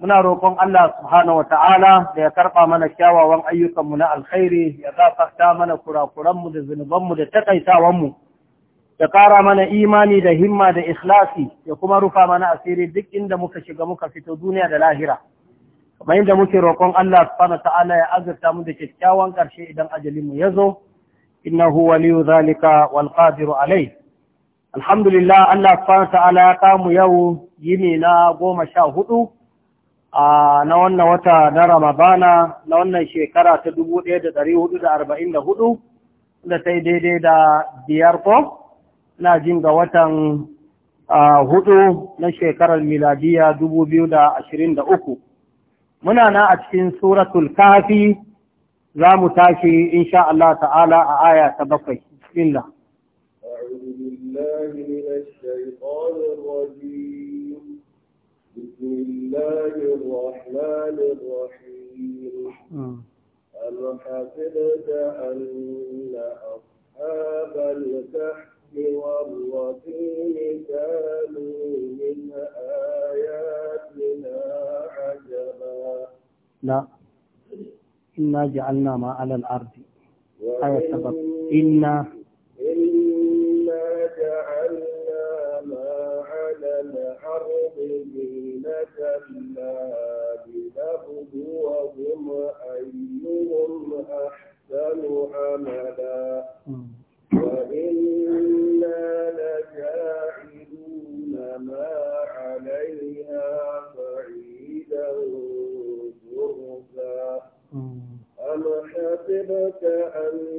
muna roƙon Allah subhanahu wata'ala da ya karɓa mana kyawawan ayyukanmu na alkhairi ya gafarta mana kurakuranmu da zunubanmu da takaitawanmu ya ƙara mana imani da himma da ikhlasi ya kuma rufa mana asiri duk inda muka shiga muka fito duniya da lahira kamar yadda muke roƙon Allah subhanahu wata'ala ya azurta mu da kyakkyawan ƙarshe idan ajalinmu ya zo innahu waliyu zalika wal qadiru alai. alhamdulillah Allah subhanahu wata'ala ya kamu yau yini na goma sha hudu na wannan wata na Ramadana na wannan shekara ta 1444 da da sai daidai da biyar ko na jin ga watan hudu na shekarar miladiya 2023 muna na a cikin suratul kafi za mu tashi insha Allah ta'ala a aya ta bakwai. Bismillah. الله الرحمن الرحيم أم آه. حسبت أن أصحاب الكهف والرقيم كانوا من آياتنا عجبا لا إنا جعلنا ما على الأرض آية سبب إنا إنا جعلنا على الأرض زينة لها لنبلوهم أيهم أحسن عملا وإنا لجاعلون ما عليها صعيدا ظرفا أم حسبت أن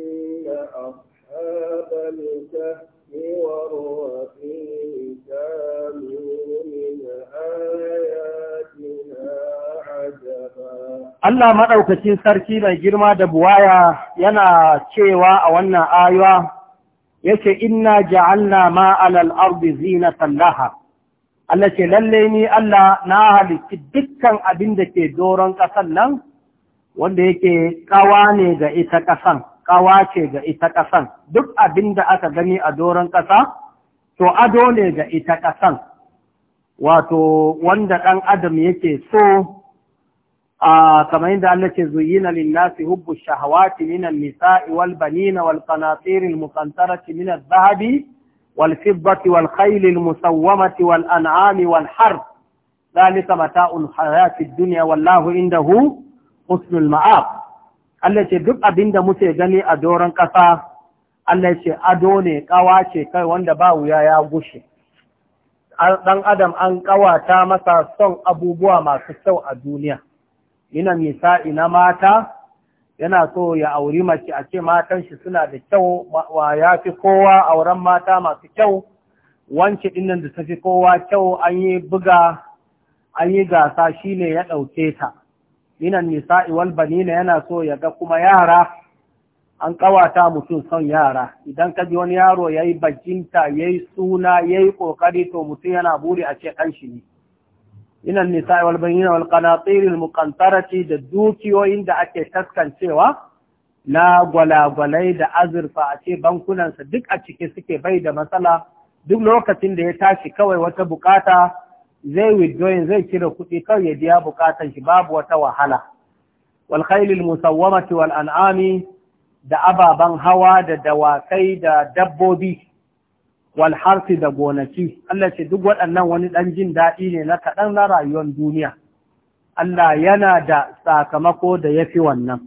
Allah maɗaukacin sarki mai girma da buwaya yana cewa a wannan ayuwa yake inna ja'alna ma alal ardi zina laha Allah ce lalle ni Allah na halitti dukkan abin da ke doron ƙasan nan wanda yake kawa ne ga ita ƙasan kawa ce ga ita ƙasan duk abin da aka gani a doron ƙasa to ado ne ga ita ƙasan wato wanda ɗan adam yake so kamar yadda Allah ce zuyina linnasi hubbu shahawati minan nisa'i wal banina wal qanatiril muqantarati min zahabi wal fiddati wal khaylil musawwamati wal an'ami wal harb dhalika mata'ul hayati ad-dunya wallahu indahu husnul ma'ab Allah ce duk abinda muke gani a doron kasa Allah ce ado ne kawa ce kai wanda ba wuya ya gushe dan adam an kawata masa son abubuwa masu kyau a duniya ina nisa'i na mata yana so ya auri mace a ce matan shi suna da kyau wa ya fi kowa auren mata masu kyau wance dinnan da ta fi kowa kyau an yi buga an yi gasa shi ne ya ɗauke ta minan nisa'i wal banina yana so ya ga kuma yara an kawata mutum son yara idan ka ji wani yaro ya yayi bajinta yi suna ya yi kokari to mutum yana buri a ce ɗan shi ne ina nisa wal bayyina wal qanatir al da dukiyoyin da ake taskancewa na gwalagwalai da azurfa a ce bankunansa duk a cike suke bai da matsala duk lokacin da ya tashi kawai wata bukata zai withdrawing zai cire kuɗi kawai ya biya bukatan shi babu wata wahala wal musawwamati wal an'ami da ababen hawa da dawakai da dabbobi wal da gonaki Allah ce duk waɗannan wani ɗan jin daɗi ne na kaɗan na rayuwar duniya Allah yana da sakamako da ya fi wannan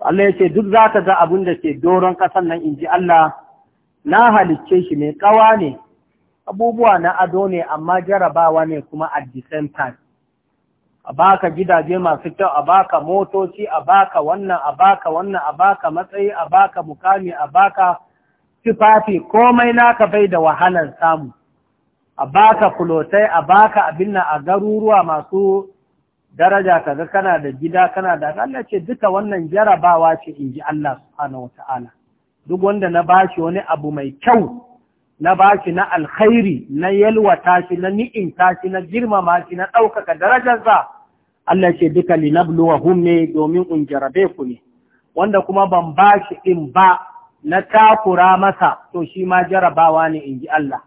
Allah ya ce duk za ka ga abin da ke doron ƙasan nan in ji Allah na halicce shi mai ƙawa ne abubuwa na ado ne amma jarabawa ne kuma at the same time a baka gidaje masu kyau a baka motoci a baka wannan a baka wannan a baka matsayi a baka mukami a baka tufafi komai naka bai da wahalar samu a baka kulotai a baka abin nan a garuruwa masu daraja kaga kana da gida kana da Allah ce duka wannan jarabawa ce in ji Allah subhanahu ta'ala duk wanda na bashi wani abu mai kyau na bashi na alkhairi na yalwata shi na ni'in shi na girmama shi na ɗaukaka darajarsa Allah ce duka linabluwahum ne domin in jarabe ku ne wanda kuma ban bashi in ba na takura masa to shi ma jarabawa ne in ji Allah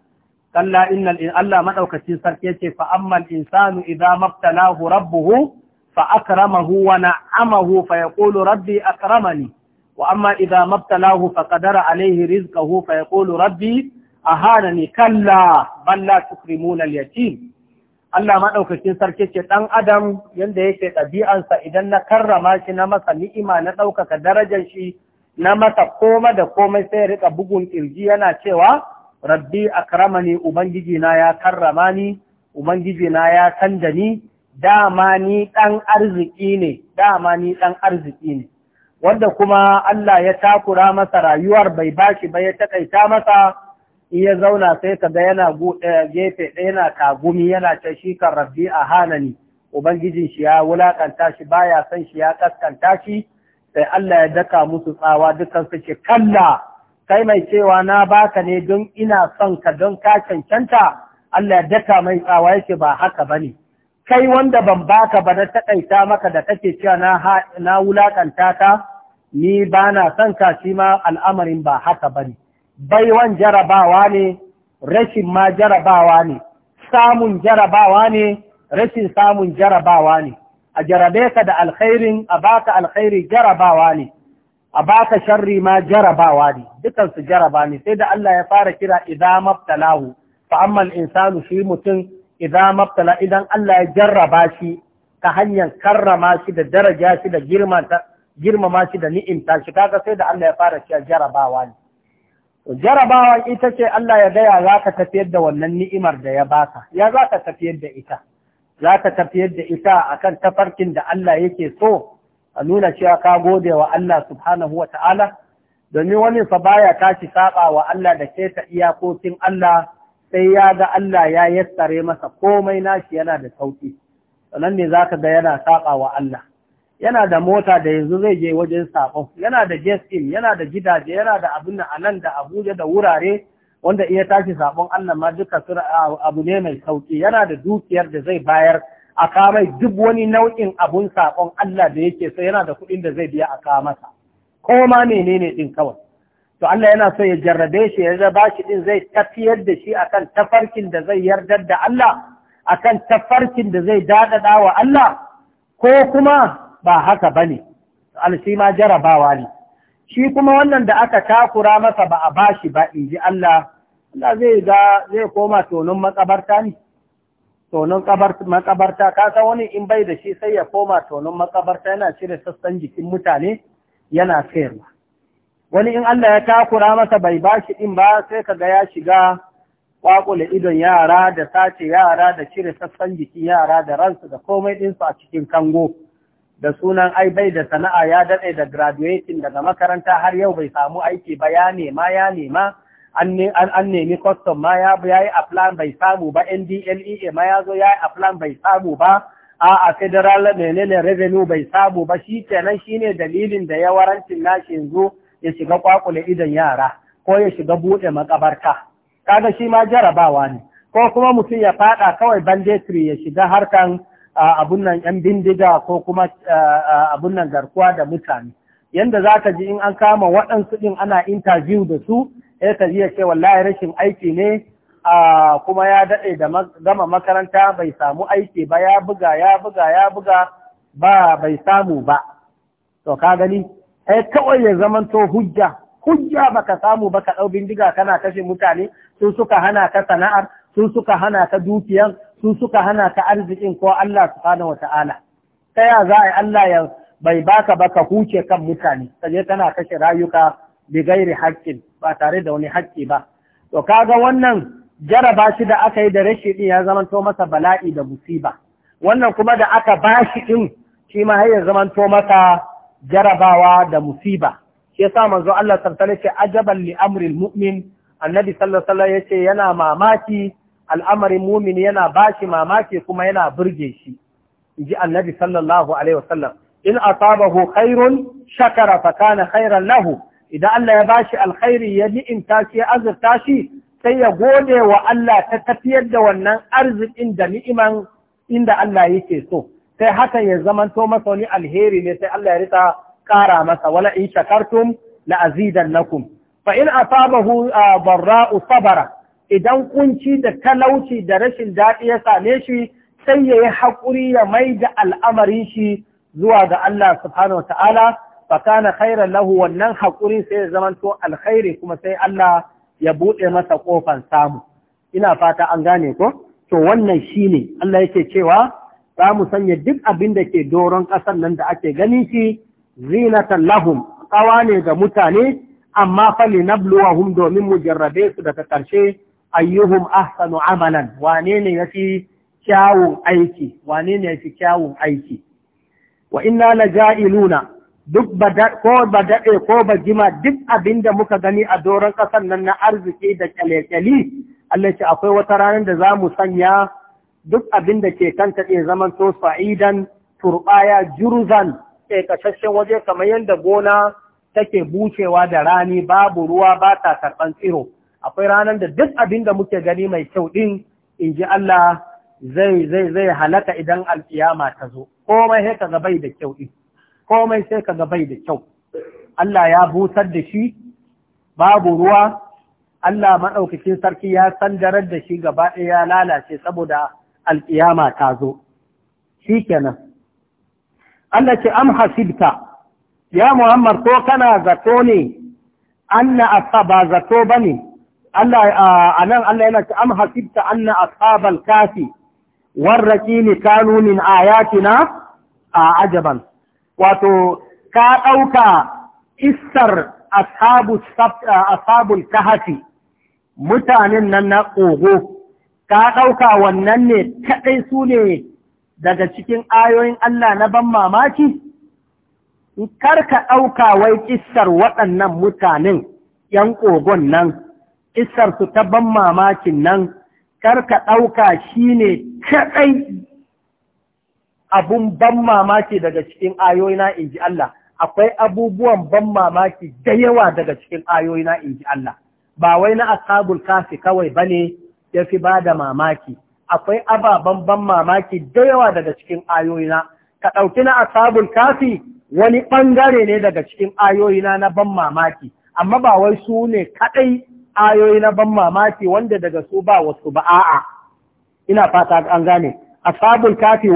kalla innal in Allah maɗaukacin sarki ce fa ammal insanu idza mabtalahu rabbuhu fa akramahu wa na'amahu fa yaqulu rabbi akramani wa amma idza mabtalahu fa qadara alayhi rizqahu fa yaqulu rabbi ahanani kalla bal la tukrimuna al yatim Allah madaukakin sarki ce dan adam yanda yake ɗabi'ansa idan na karrama shi na masa ni'ima na ɗaukaka darajar shi na masa koma da komai sai rika bugun ƙirji yana cewa rabbi akramani ubangiji na ya karrama ni ubangiji na ya canza ni dama ni dan arziki ne dama ni dan arziki ne wanda kuma Allah ya takura masa rayuwar bai bashi ba ya takaita masa iya zauna sai ka ga yana eh, gefe ɗaya yana kagumi yana ta shi kan rabbi a hanani ubangijin shi ya wulakanta shi baya son shi ya kaskanta shi sai Allah ya daka musu tsawa dukan su ce kalla kai mai cewa na baka ne don ina son ka don ka cancanta Allah ya daka mai tsawa yake ba haka bane kai wanda ban baka ba na takaita maka da kake cewa na na wulakanta ka ni ba na son ka shi ma al'amarin ba haka bane baiwan jarabawa ne rashin ma jarabawa ne samun jarabawa ne rashin samun jarabawa ne a jarabe ka da alkhairin a baka alkhairi jarabawa ne a baka sharri ma jarabawa ne dukan su jaraba ne sai da Allah ya fara kira idza mabtalahu fa amma al-insanu shi mutum idza mabtala idan Allah ya jarraba shi ta hanyar karrama shi da daraja shi da girmama shi da ni'imta shi kaga sai da Allah ya fara cewa jarabawa ne jarabawa ita ce Allah ya gaya za ka tafiyar da wannan ni'imar da ya baka ya za ka tafiyar da ita za ka tafiyar da ita akan tafarkin da Allah yake so a nuna cewa ka gode wa Allah subhanahu wa ta'ala domin wani fa baya tashi saba wa Allah da ke ta iyakokin Allah sai ya ga Allah ya yassare masa komai nashi yana da sauƙi. sannan ne ka ga yana saba wa Allah yana da mota da yanzu zai je wajen sabo yana da ɗin. yana da gidaje yana da abin nan da Abuja da wurare wanda iya tashi sabon Allah ma duka abu ne mai sauki yana da dukiyar da zai bayar a kamai duk wani nau'in abun saƙon Allah da yake so yana da kuɗin da zai biya a kamata ko ma menene ɗin kawai to Allah yana so ya jarrabe shi ya ba shi din zai tafiyar da shi akan tafarkin da zai yardar da Allah akan tafarkin da zai daɗaɗa wa Allah ko kuma ba haka bane al ma jarabawa ne shi kuma wannan da aka takura masa ba a bashi ba in ji Allah Allah zai ga zai koma tonon makabarta ne tonon makabarta ka wani in bai da shi sai ya koma tonon makabarta yana cire sassan jikin mutane yana sayarwa wani in Allah ya takura masa bai bashi din ba sai ka ya shiga kwakule idon yara da sace yara da cire sassan jikin yara da ransu da komai ɗinsu a cikin kango da sunan ai bai da sana'a ya daɗe da graduating daga makaranta har yau bai samu aiki ba ya nema ya nema an nemi custom ma ya yi a plan bai samu ba ndlea ma ya zo ya yi a plan bai samu ba a a federal menene revenue bai samu ba shi kenan ne dalilin da ya nashi yanzu ya shiga kwakule idan yara ko ya shiga buɗe makabarta kaga shi ma jarabawa ne ko kuma mutum ya faɗa kawai banditry ya shiga harkan abun nan yan bindiga ko kuma abun nan garkuwa da mutane yanda za ka ji in an kama waɗansu ɗin ana interview da su ya ka iya ce wallahi rashin aiki ne kuma ya daɗe da gama makaranta bai samu aiki ba ya buga ya buga ya buga ba bai samu ba to ka gani ai kawai ya to hujja hujja baka samu ba ka ɗau bindiga kana kashe mutane su suka hana ka sana'ar su suka hana ka dukiyan su suka hana ka arzikin ko Allah subhanahu wata'ala ta ya za a yi Allah ya bai baka ba ka huce kan mutane ka je kashe rayuka bi gairi haƙƙin ba tare da wani haƙƙi ba to kaga wannan jaraba shi da aka yi da rashi din ya zamanto masa bala'i da musiba wannan kuma da aka bashi din shi ma har ya zamanto masa jarabawa da musiba shi yasa manzo Allah sallallahu ce ajaban li mu'min annabi sallallahu alaihi wasallam yace yana mamaki al'amarin mumin yana bashi mamaki kuma yana burge shi ji annabi sallallahu alaihi wasallam in asabahu khairun shakara fa kana khairan lahu idan Allah ya bashi alkhairi ya ni'imta shi ya azurta shi sai ya gode wa Allah ta tafiyar da wannan arzikin da ni'iman inda Allah yake so sai hakan ya zamanto masa wani alheri ne sai Allah ya rita ƙara masa wala in shakartum la nakum fa in asabahu ah, barra'u sabara idan kunci da talauci da rashin daɗi ya same shi sai ya yi haƙuri ya mai da al'amarin shi zuwa ga Allah subhanahu wa ta'ala fakana khairan lahu wannan haƙuri sai ya zamanto alkhairi kuma sai Allah ya buɗe masa ƙofan samu ina fata an gane ko to wannan ne. Allah yake cewa za mu sanya duk abin da ke doron ƙasar nan da ake gani shi zinatan lahum tsawa ne ga mutane amma fali nabluwahum domin mu jarrabe su daga ƙarshe ayyuhum ahsanu amalan wane ne yafi kyawun aiki wane ne yafi kyawun aiki wa inna ja'iluna duk ko ba daɗe ko ba jima duk abinda muka gani a doron ƙasar nan na arziki da ƙyale kyale Allah ce akwai wata ranar da zamu sanya duk abinda ke kanta ɗin zaman to fa'idan juruzan jurzan kasashen waje kamar yadda gona take bushewa da rani babu ruwa ba ta karɓan tsiro akwai ranar da duk abin da muke gani mai kyau ɗin in ji Allah zai zai halaka idan alƙiyama ta zo komai sai kaga bai da kyau ɗin komai sai kaga bai da kyau Allah ya busar da shi babu ruwa Allah maɗaukacin sarki ya san sandarar da shi gaba ɗaya ya lalace saboda alƙiyama ta zo shi kenan Allah ce am hasibta ya Muhammad ko kana zato ne anna asaba zato bane Allah a nan Allah yana ta am hasibta anna ashabal kafi warraqini kanu min ayatina a ajaban wato ka ɗauka istar ashabul kahafi mutanen nan na kogo, ka ɗauka wannan ne kadai su ne daga cikin ayoyin Allah na ban mamaki kar ka ɗauka wai istar waɗannan mutanen ‘yan kogon nan isar su ta ban mamakin nan karka ɗauka shine kaɗai abun ban mamaki daga cikin ayoyina in ji Allah akwai abubuwan ban mamaki da yawa daga cikin ayoyina in ji Allah ba wai na asabul kafi kawai ba ne ya fi ba da mamaki akwai ababen ban mamaki da yawa daga cikin ayoyina ka ɗauki na asabul kafi wani ɓangare ne daga cikin ayoyina na ban mamaki amma ba wai su ne kaɗai ayoyi na ban mamaki wanda daga su ba wasu ba a'a ina fata an gane ashabul kafi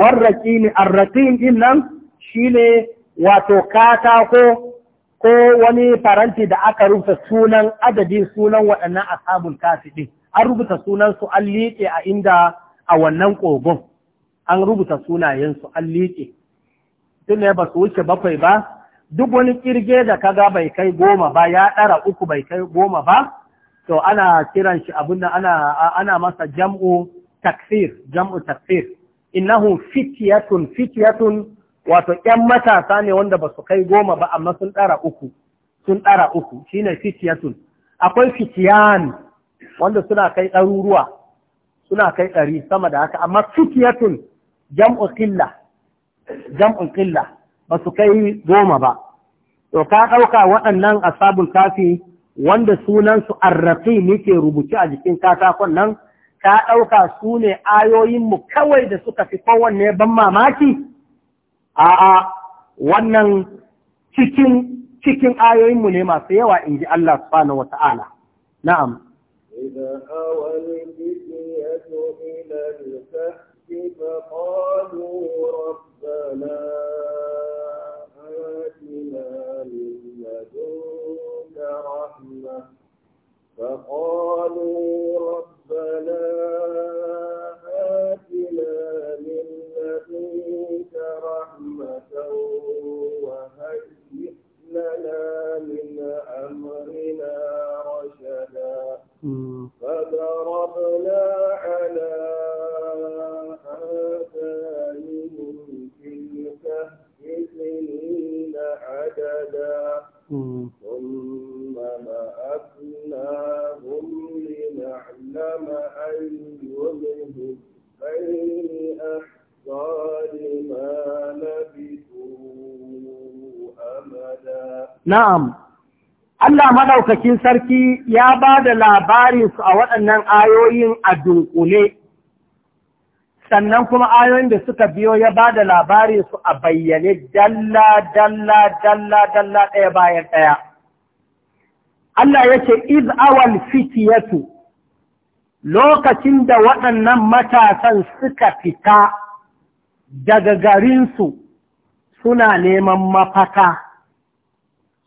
ne, arraqin din nan shine wato katako ko wani faranti da aka rubuta sunan adadin sunan waɗannan ashabul kafi din an rubuta sunan su an liƙe a inda a wannan kogon an rubuta sunayen su an liƙe ne ba su wuce bakwai ba duk wani kirge da kaga bai kai goma ba ya ɗara uku bai kai goma ba to ana kiran shi abinda da ana masa jam'u takfir jam'u takfir innahu fitiyatun fitiyatun wato 'yan matasa ne wanda ba su kai goma ba amma sun ɗara uku sun ɗara uku shine fitiyatun. akwai fitiyan wanda suna kai ɗaruruwa suna kai ɗari sama da haka amma fitiyatun jam'u qilla jam'u qilla ba su kai goma ba to ka ɗauka waɗannan asabul kafi wanda sunansu ne yake rubuce a jikin katakon nan ka ɗauka su ne ayoyinmu kawai da suka fi kowanne ban mamaki a'a wannan cikin cikin ayoyinmu ne masu yawa in ji Allah subhanahu wa ta'ala na'am Ina ربنا رحمة فقالوا ربنا آتنا من لدنك رحمة وهيئ لنا من أمرنا رشدا فضربنا Na'am, Allah maɗaukakin sarki ya ba da labarinsu a waɗannan ayoyin a dunkule, sannan kuma ayoyin da suka biyo ya ba da labarinsu a bayyane dalla, dalla, dalla, dalla ɗaya bayan ɗaya. Allah ya ce, Iz awal fitiyatu, lokacin da waɗannan matasan suka fita daga garinsu suna neman mafaka.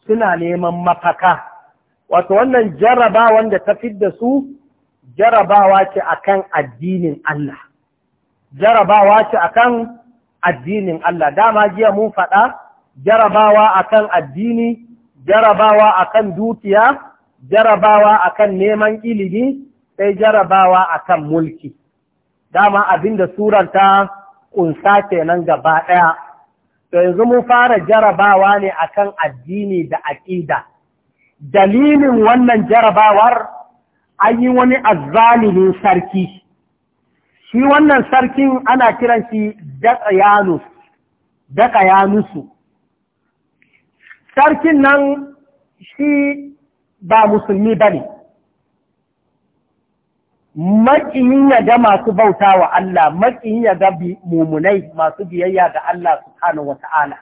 suna neman mafaka wato wannan jaraba wanda ta fidda su jarabawa ce akan addinin Allah jarabawa ce akan addinin Allah dama jiya mun faɗa jarabawa akan addini jarabawa akan dukiya jarabawa akan neman ilimi sai jarabawa akan mulki dama abinda surar ta kunsa kenan gaba ɗaya to yanzu mun fara jarabawa ne akan addini da aƙida dalilin wannan jarabawar an yi wani azzalimin sarki shi wannan sarkin ana kiran shi daga yanusu sarkin nan shi ba musulmi ba ne maƙiyin ya ga masu bauta wa Allah, maƙiyin ya ga mumunai masu biyayya ga Allah su wata'ala,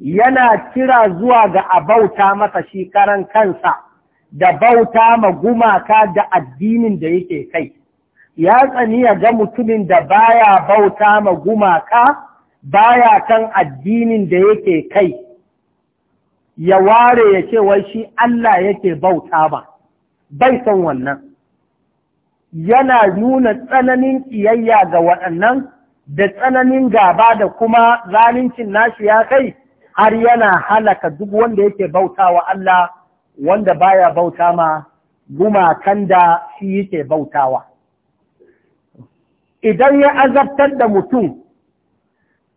Yana kira zuwa ga a bauta masa shi karan kansa da bauta ma gumaka da addinin da yake kai. Ya tsani ya ga mutumin da baya bauta ma gumaka baya kan addinin da yake kai, ya ware ya ce wai shi Allah yake bauta ba, bai son wannan. yana nuna tsananin ƙiyayya ga waɗannan da tsananin gaba da kuma zalincin nashi ya kai har yana halaka duk wanda yake bauta wa Allah wanda baya bauta ma gumakan da shi yake bautawa. Idan ya azabtar da mutum,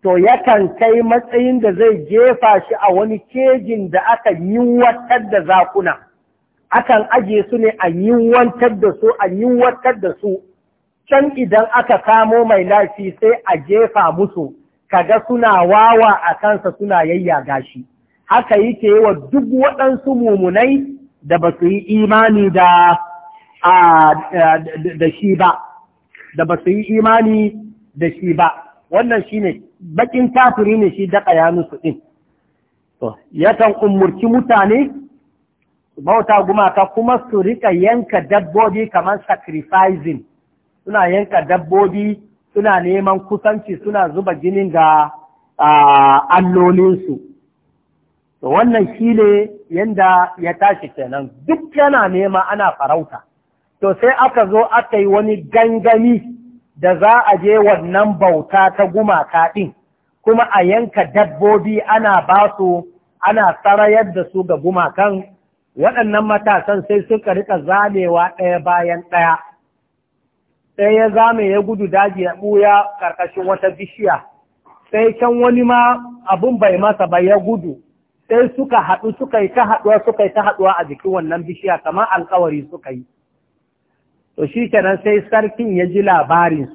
to yakan kai matsayin da zai jefa shi a wani kejin da aka yi watar da zakuna. akan aje su ne a yiwuwantar da su a yiwuwantar da su can idan aka kamo mai lafi sai a jefa musu kaga suna wawa a kansa suna yayyaga shi haka yake wa duk waɗansu mumunai da ba su yi imani da shi ba da ba su yi imani da shi ba wannan ne bakin tafiri ne shi daƙa ya su ɗin. yakan umurci mutane bauta gumaka kuma su rika yanka dabbobi kamar sacrificing suna yanka dabbobi suna neman kusanci suna zuba jinin ga allolinsu wannan shi ne yadda ya tashi kenan duk yana nema ana farauta to sai aka zo aka yi wani gangami da za a je wannan bauta ta gumaka ɗin kuma a yanka dabbobi ana ba su ana sarayar da su ga gumakan waɗannan matasan sai suka rika zamewa ɗaya bayan ɗaya sai ya zame ya gudu daji ya ɓuya ƙarƙashin wata bishiya sai can wani ma abin bai masa ba ya gudu sai suka haɗu suka yi ta haɗuwa suka yi ta haɗuwa a jikin wannan bishiya kamar alkawari suka yi to shi kenan sai sarkin ya ji labarin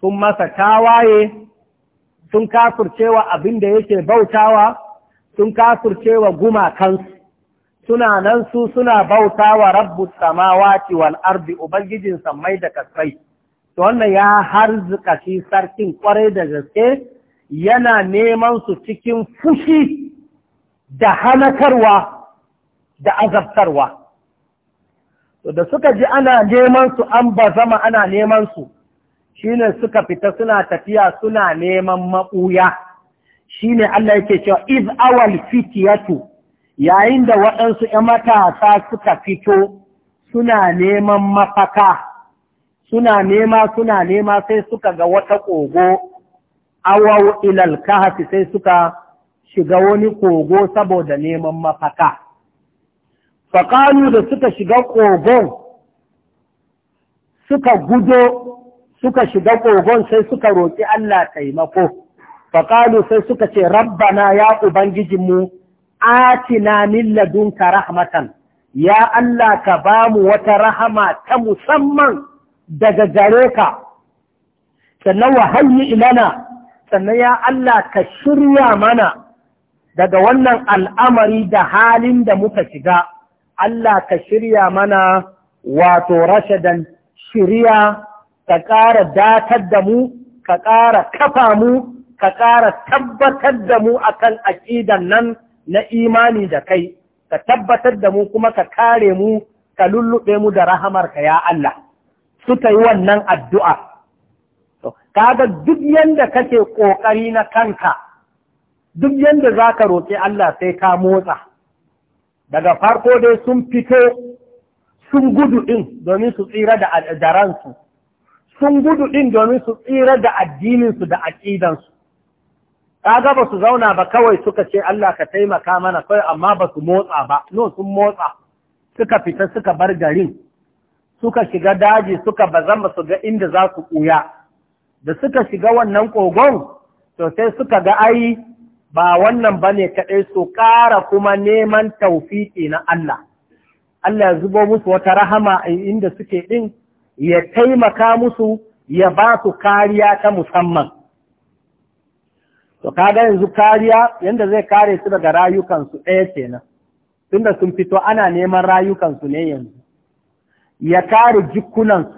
sun masa tawaye sun kafurcewa abin da yake bautawa sun kafurcewa gumakansu suna nan su suna bauta wa rabbu samawati wal ardi ubangijin sammai da kasai to wannan ya harzuka shi sarkin kwarai da gaske yana neman su cikin fushi da hanakarwa da azabtarwa to da suka ji ana neman su an bazama ana neman su shine suka fita suna tafiya suna neman maɓuya shine Allah yake cewa iz awal fitiyatu yayin da waɗansu ‘yan matasa suka fito suna neman mafaka, suna nema suna nema sai suka ga wata a awau ilal kahafi sai suka shiga wani kogo saboda neman mafaka. fakalu da suka shiga kogon suka gudo, suka shiga kogon, sai suka roƙi Allah taimako. fakalu sai suka ce, Rabbana ya Ubangijinmu, atina min ladunka rahmatan ya Allah ka bamu wata rahama ta musamman daga gare ka sannan wa ilana sannan ya Allah ka shirya mana daga wannan al'amari da halin da muka shiga Allah ka shirya mana wato rashadan shirya ka ƙara datar da mu ka ƙara kafa mu ka ƙara tabbatar da mu akan aƙidan nan na imani da kai ka tabbatar da mu kuma ka kare mu ka lullube mu da rahamarka ya Allah suka yi wannan addu'a Ka kaga duk yanda kake ƙoƙari na kanka duk yanda za ka roƙi Allah sai ka motsa daga farko dai sun fito sun gudu ɗin domin su tsira da ransu sun gudu ɗin domin su tsira da addininsu da aƙidansu kaga ba su zauna ba kawai suka ce Allah ka taimaka mana kawai amma ba su motsa ba no sun motsa suka fita suka bar garin suka shiga daji suka bazan ba su ga inda za su kuya da suka shiga wannan kogon to sai suka ga ai ba wannan bane kaɗai su ƙara kuma neman taufiƙi na Allah Allah ya zubo musu wata rahama inda suke ɗin ya taimaka musu ya ba su kariya ta musamman to ga yanzu kariya yanda zai kare su daga rayukansu ɗaya kenan tunda sun fito ana neman rayukansu ne yanzu ya kare jikunansu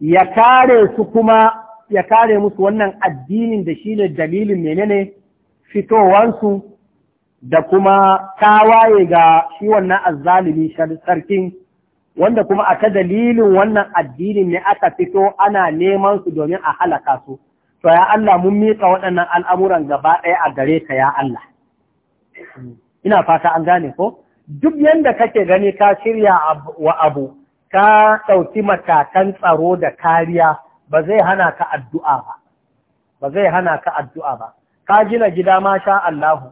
ya kare su kuma ya kare musu wannan addinin da shi ne dalilin menene fitowansu da kuma tawaye ga shi wannan azzalimi sarkin wanda kuma a ta dalilin wannan addinin ne aka fito ana neman su domin a halaka su to ya Allah mun miƙa waɗannan al'amuran gaba ɗaya a gare ka ya Allah ina fata an gane ko duk yadda kake gani ka shirya wa abu ka ɗauki matakan tsaro da kariya ba zai hana ka addu'a ba ba zai hana ka addu'a ba ka gina gida ma sha Allahu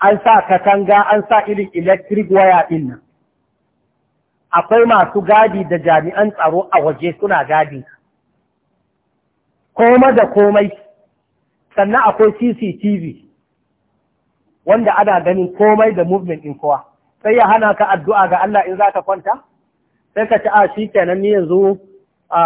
an sa katanga an sa irin electric waya ɗin nan akwai masu gadi da jami'an tsaro a waje suna gadi koma da komai sannan akwai cctv wanda ana ganin komai da movement in kowa sai ya hana ka addu'a ga Allah in za ka kwanta sai ka ci a ah, shi kenan ni yanzu a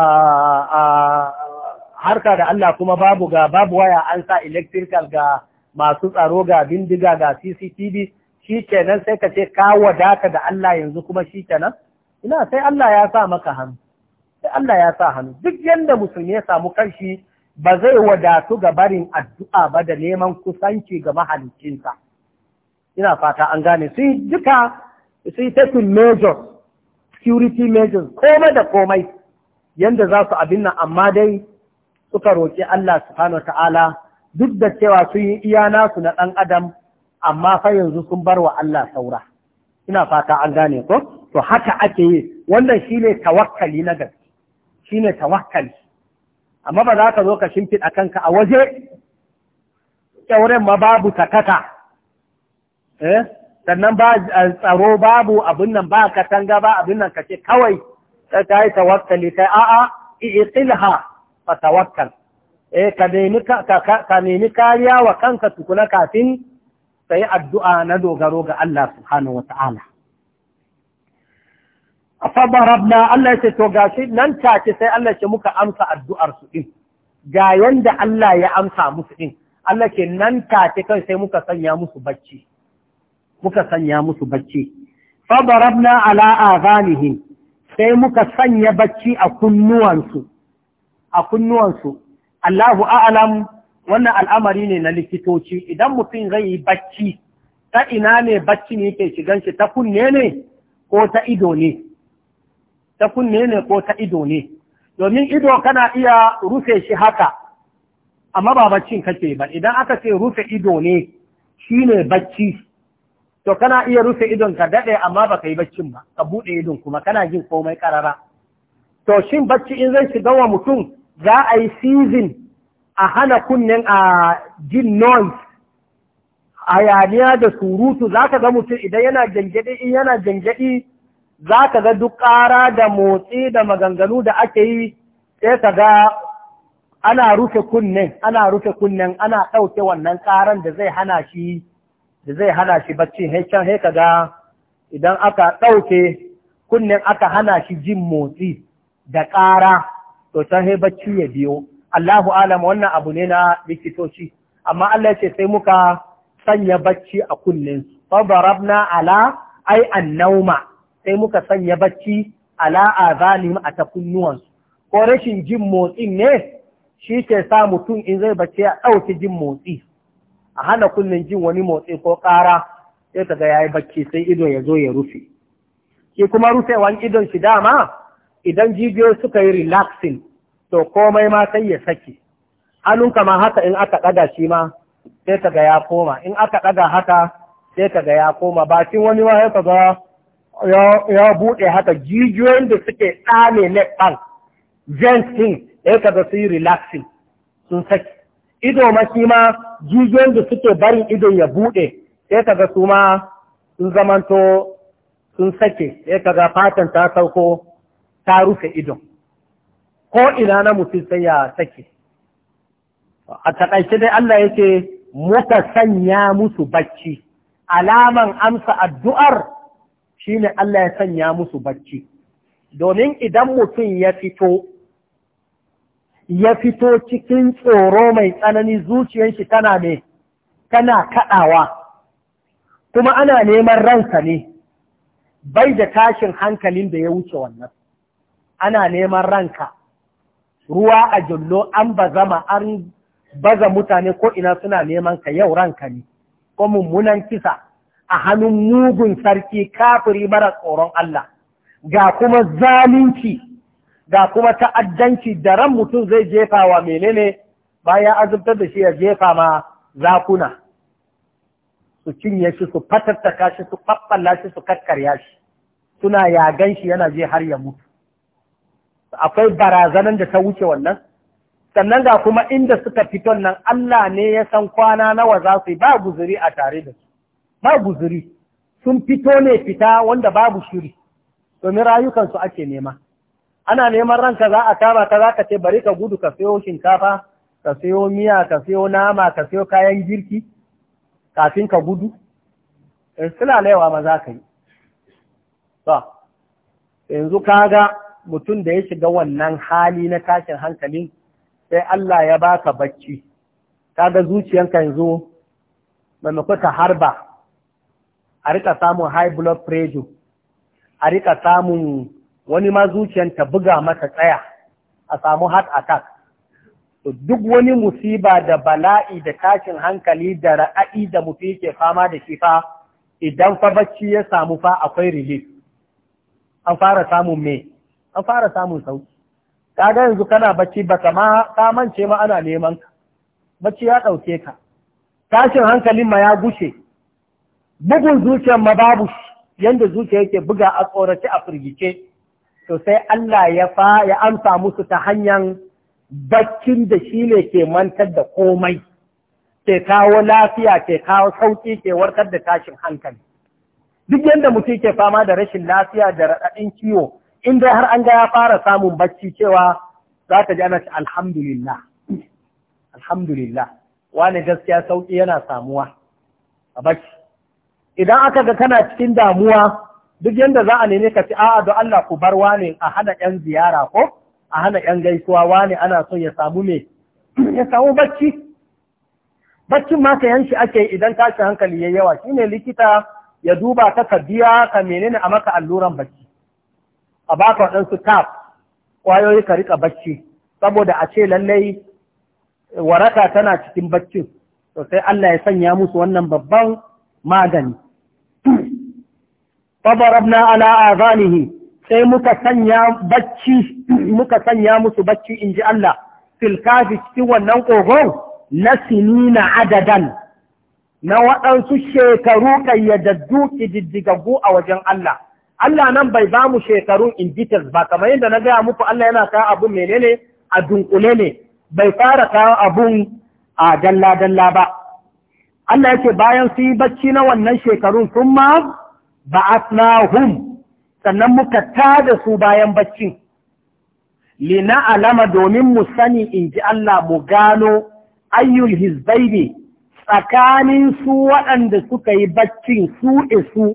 harka da Allah kuma babu ga babu waya an sa electrical ga masu tsaro ga bindiga ga cctv shi kenan sai ka ce ka wadata da Allah yanzu kuma shi kenan ina sai Allah ya sa maka hannu sai Allah ya sa hannu duk yanda musulmi ya samu kanshi ba zai wadatu ga barin addu'a ba da neman kusanci ga mahalicinsa ina fata an gane sun duka sun taking major security measures komai da komai yanda za su abin nan amma dai suka roƙi Allah subhanahu ta'ala duk da cewa sun yi iya nasu na ɗan adam amma fa yanzu sun bar wa Allah saura ina fata an gane ko to haka ake yi wannan shine tawakkali na gaske Shi ne tawakkali amma ba za ka zo ka shimfiɗa kanka a waje ƙyauren ma babu takata eh sannan ba tsaro babu abin nan ba katanga ba abin nan kace kawai ta yi tawakkali kai a'a iqilha fa tawakkal eh ka nemi ka nemi kariya wa kanka tukuna kafin sai addu'a na dogaro ga Allah subhanahu wataala rabna, Allah ya ce to gashi nan take sai Allah ce muka amsa addu'ar su ɗin. ga yanda Allah ya amsa musu ɗin, Allah ce nan take kai sai muka sanya musu bacci muka sanya musu bacci rabna ala zanihin sai muka sanya bacci a kunnuwansu a kunnuwansu Allahu a'lam wannan al'amari ne na likitoci idan mutum zai yi bacci ta ina ne bacci ne ke shigan shi ta kunne ne ko ta ido ne ta kunne ne ko ta ido ne domin ido kana iya rufe shi haka amma ba baccin kake ba idan aka ce rufe ido ne shi ne bacci to kana iya rufe idon ka daɗe amma ba ka yi baccin ba ka buɗe idon kuma kana jin komai ƙarara to shin bacci in zai shiga wa mutum za a yi season a hana kunnen a jin noise hayaniya da surutu za ka ga mutum idan yana jangyaɗi in yana jangyaɗi za ka ga duk ƙara da motsi da maganganu da ake yi sai ka ga ana rufe kunnen ana rufe kunnen ana ɗauke wannan ƙaran da zai hana shi da zai hana shi bacci ka ga idan aka ɗauke kunnen aka hana shi jin motsi da ƙara to can bacci ya biyo Allahu alam wannan abu ne na likitoci amma Allah ya ce sai muka sanya bacci a kunnen su fadarabna ala ai nauma. sai muka sanya bacci ala zalim a ta kunnuwansu ko rashin jin motsin ne shi ke sa mutum in zai bacci a ɗauki jin motsi a hana kunnen jin wani motsi ko ƙara sai ka ga yayi bacci sai ido ya zo ya rufe shi kuma rufewan idon shi dama idan jijiyo suka yi relaxing to komai ma sai ya sake hannunka ma haka in aka ɗaga shi ma sai ka ga ya koma in aka ɗaga haka sai ka ga ya koma Ba cin wani wa ya ka ga ya buɗe haka jijiyoyin da suke tsame na ɗan venting ya kada su yi relaxing sun saki ido ma ma jijiyoyin da suke barin ido ya buɗe ya kada su ma sun zamanto sun sake ya kada fatan ta sauko ta rufe idon ko ina na mutum sai ya sake a taɗaice dai Allah ya muka sanya musu bacci alaman amsa addu'ar shi ne Allah ya sanya musu bacci domin idan mutum ya fito ya fito cikin tsoro mai tsanani zuciyar tana ne tana kaɗawa kuma ana neman ransa ne bai da tashin hankalin da ya wuce wannan ana neman ranka ruwa a jullo an bazama an baza mutane ko ina suna neman ka yau ranka ne ko mummunan kisa a hannun mugun sarki kafiri mara tsoron Allah ga kuma zalunci ga kuma ta'addanci da ran mutum zai jefa wa menene bayan azubtar da shi ya jefa ma zakuna su cinye shi su fatattaka shi su faffalla shi su kakkarya shi suna yagan shi yana je har ya mutu akwai barazanan da ta wuce wannan sannan ga kuma inda suka fiton nan Allah ne ya san kwana nawa za su yi ba guzuri a tare da su ba guzuri sun fito ne fita wanda babu shiri domin rayukansu ake nema ana neman ranka za a kama ka za ka ce bari ka gudu ka sayo shinkafa ka sayo miya ka sayo nama ka sayo kayan girki kafin ka gudu eh, suna ma za ka yi ba yanzu kaga mutum da ya shiga wannan hali na tashin hankali sai Allah ya baka bacci kaga zuciyanka yanzu maimakon ka harba a rika samun high blood pressure a rika samun wani ma zuciyan ta buga mata tsaya a samu heart attack to duk wani musiba da bala'i da tashin hankali da ra'ayi da mutum yake fama da shi fa idan fa bacci ya samu fa akwai relief an fara samun me an fara samun sauki kaga yanzu kana bacci ka ma ka ma ana neman ka bacci ya ɗauke ka tashin hankalin ma ya gushe bugun zuciyar ma yadda zuciya yake buga a tsorace a firgice to sai Allah ya fa ya amsa musu ta hanyar Bakin da shi ne ke mantar da komai ke kawo lafiya ke kawo sauƙi ke warkar da tashin hankali duk yadda mutum ke fama da rashin lafiya da raɗaɗin ciwo in dai har an ga ya fara samun bacci cewa za ka ji ana ce alhamdulillah alhamdulillah wani gaskiya sauƙi yana samuwa a bacci idan aka ga kana cikin damuwa duk yadda za a nemi ka ci a'a don Allah ku bar wani a hana yan ziyara ko a hana yan gaisuwa wani ana son ya samu me ya samu bacci baccin ma ka yanshi ake idan tashi hankali ya yawa shine likita ya duba ka ka biya ka menene a maka alluran bacci a baka waɗansu tap kwayoyi ka riƙa bacci saboda a ce lallai waraka tana cikin baccin to sai Allah ya sanya musu wannan babban magani fadarabna ala azanihi sai muka sanya bacci muka sanya musu bacci inji Allah fil kafi cikin wannan kogon na sinina adadan na waɗansu shekaru kayyadaddu ƙididdigaggu a wajen Allah. Allah nan bai ba mu shekaru in details ba, kamar yadda na gaya muku Allah yana kawo abun menene a dunkule ne, bai fara kawo abun a dalla-dalla ba. Allah yake bayan su yi bacci na wannan shekarun sun ma ba'athnahum sannan muka tada su bayan baccin lina alama domin mu sani in ji Allah mu gano ayyul hizbaini tsakanin su waɗanda suka yi baccin su isu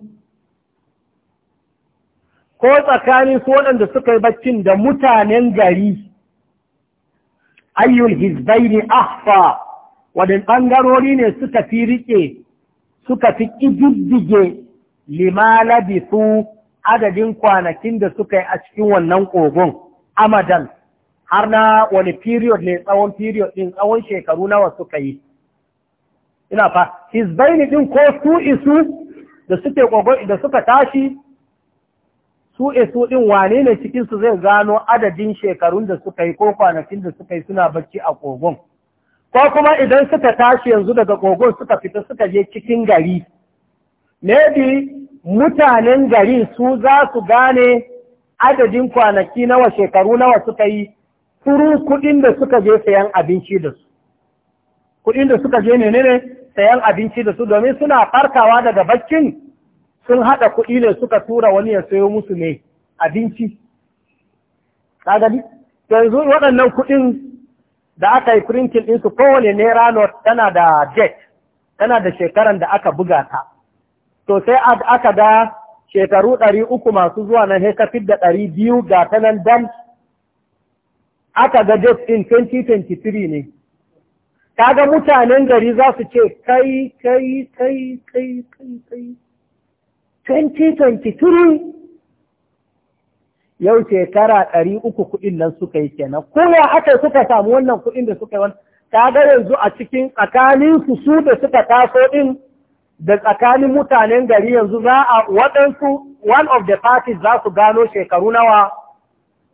ko tsakanin su waɗanda suka yi baccin da mutanen gari ayyul hizbaini ahfa waɗanda bangarori ne suka fi riƙe suka fi ƙididdige lima labisu adadin kwanakin da suka yi a cikin wannan kogon amadan har na wani period ne tsawon period ɗin tsawon shekaru nawa suka yi ina fa hizbaini ɗin ko su isu da suke kogon da suka tashi su isu ɗin wane ne cikin su zai gano adadin shekarun da suka yi ko kwanakin da suka yi suna bacci a kogon ko kuma idan suka tashi yanzu daga kogon suka fita suka je cikin gari maybe mutanen gari su za su gane adadin kwanaki nawa shekaru nawa suka yi turu kudin da suka je sayan abinci da su kudin da suka je ne sayan abinci da su domin suna farkawa daga bakin, sun haɗa kuɗi ne suka tura wani ya sayo musu ne abinci yanzu waɗannan kuɗin da aka yi printing ɗinsu kowane naira tana da jet tana da shekaran da aka buga ta to sai aka da shekaru ɗari uku masu zuwa nan sai ka da ɗari biyu ga ta nan dan aka ga jet in 2023 ne kaga mutanen gari za su ce kai kai kai kai kai kai 2023 yau shekara ɗari uku kuɗin nan suka yi kenan ko ya aka suka samu wannan kuɗin da suka yi wani kaga yanzu a cikin tsakaninsu su da suka taso ɗin da tsakanin mutanen gari yanzu za a waɗansu one of the parties za su gano shekaru nawa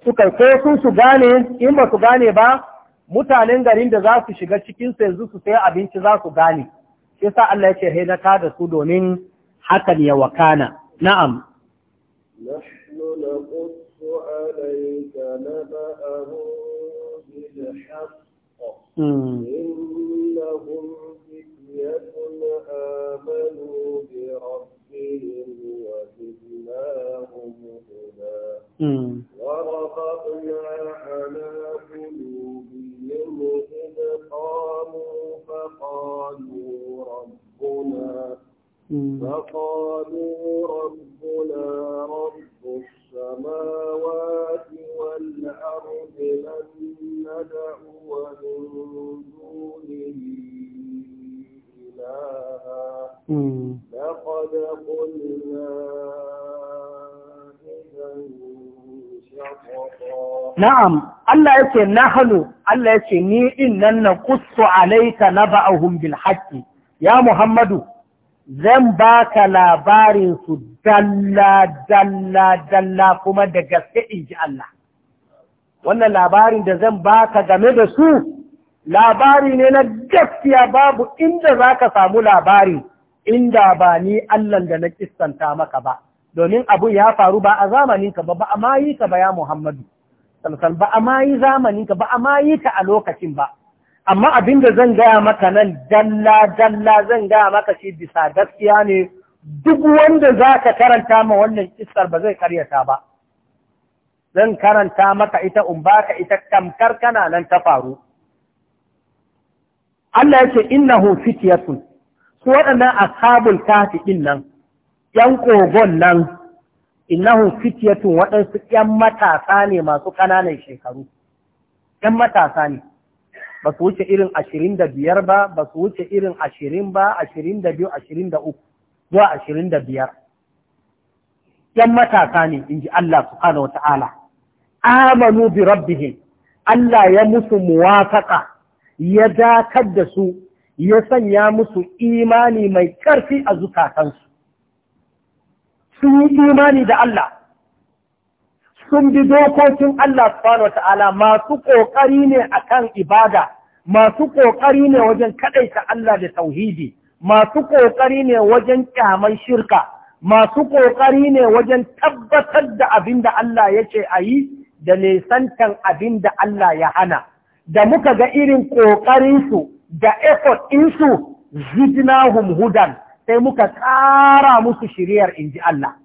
suka ko sun su gane in ba su gane ba mutanen garin da za su shiga cikin yanzu su sai abinci za su gane shi sa Allah ya ce na su domin hakan ya wakana na'am nahnu آمنوا بربهم وزدناهم هدى وربطنا على قلوبهم إذ قاموا فقالوا ربنا فقالوا ربنا رب السماوات والأرض لن ندعو من دونه Na'am, Allah yake nahanu, Allah yake ni in nan na kusu alaika na ba'ahun bil haƙƙi, ya Muhammadu, zan baka labarinsu dalla, dalla, dalla kuma da gaske in ji Allah. Wannan labarin da zan baka game da su labari ne na gaskiya babu inda za ka samu labari inda ba ni Allah da na kistanta maka ba domin abu ya faru ba a zamaninka ba ba a mayi ka ba ya Muhammadu salsal ba a mayi zamaninka ba a mayi ka a lokacin ba amma abin da zan gaya maka nan dalla dalla zan gaya maka shi bisa gaskiya ne duk wanda za ka karanta ma wannan kistar ba zai karyata ba zan karanta maka ita in ita kamkar kana nan ta faru Allah ya ce innahu fityatun su waɗannan ashabul kafi din nan yan kogon nan innahu fityatun waɗansu yan matasa ne masu ƙananan shekaru yan matasa ne ba su wuce irin ashirin da biyar ba ba su wuce irin ashirin ba ashirin da biyu ashirin da uku zuwa ashirin da biyar yan matasa ne in ji Allah subhanahu wa ta'ala amanu bi rabbihim Allah ya musu muwafaqa ya dakar da su ya sanya musu imani mai ƙarfi a zukatansu sun yi imani da Allah sun bi dokokin Allah subhanahu ta'ala masu ƙoƙari ne akan ibada masu ƙoƙari ne wajen kaɗaita Allah da tauhidi masu ƙoƙari ne wajen ƙyaman shirka masu ƙoƙari ne wajen tabbatar da abin da Allah ya ce a yi da nesantan abin da Allah ya hana da muka ga irin ƙoƙarinsu da effort ɗinsu zidnahum hudan sai muka ƙara musu shiriyar in ji Allah.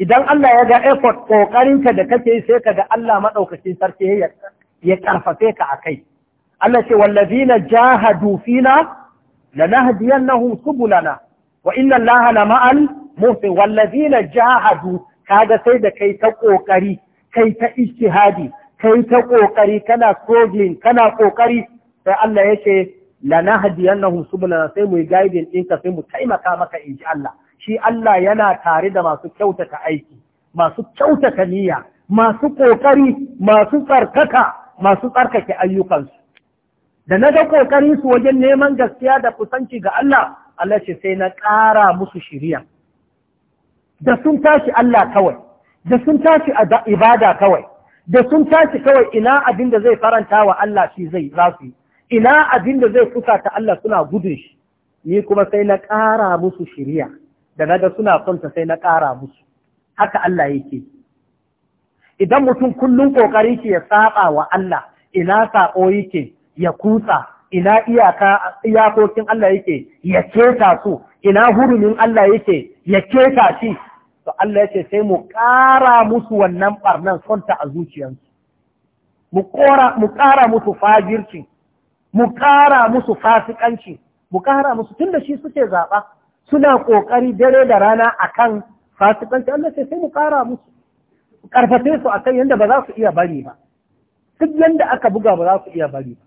Idan Allah ya ga effort ƙoƙarinka da kake sai ka ga Allah maɗaukacin sarki ya ƙarfafe ka a kai. Allah ce na jahadu na lanahdiyannahum bulana, wa inna Allaha lama'al muhsin wallazina jahadu kaga sai da kai ta ƙoƙari kai ta ijtihadi kai ta ƙoƙari kana struggling kana ƙoƙari sai Allah ya yake lana hadiyannahum subulana sai mu yi guiding ɗinka sai mu taimaka maka in ji Allah shi Allah yana tare da masu kyautata aiki masu kyautata niyya masu ƙoƙari masu tsarkaka masu tsarkake ayyukansu da na ga su wajen neman gaskiya da kusanci ga Allah Allah ce sai na ƙara musu shirya. da sun tashi Allah kawai da sun tashi ibada kawai da sun tashi kawai ina abin da zai faranta wa Allah shi zai za ina abin da zai suka ta Allah suna gudun shi ni kuma sai na ƙara musu shirya da na ga suna son ta sai na ƙara musu haka Allah yake idan mutum kullum kokari ke ya saba wa Allah ina sako yake ya kutsa ina iyaka iyakokin Allah yake ya keta su ina hurumin Allah yake ya keta shi to Allah ya ce sai mu ƙara musu wannan ɓarnan sonta a zuciyarsu mu ƙara musu fajirci mu ƙara musu fasikanci mu ƙara musu tun da shi suke zaɓa suna ƙoƙari dare da rana kan fasikanci Allah ce sai mu ƙara musu ƙarfafe su akan yadda ba za su iya bari ba duk yadda aka buga ba za su iya bari ba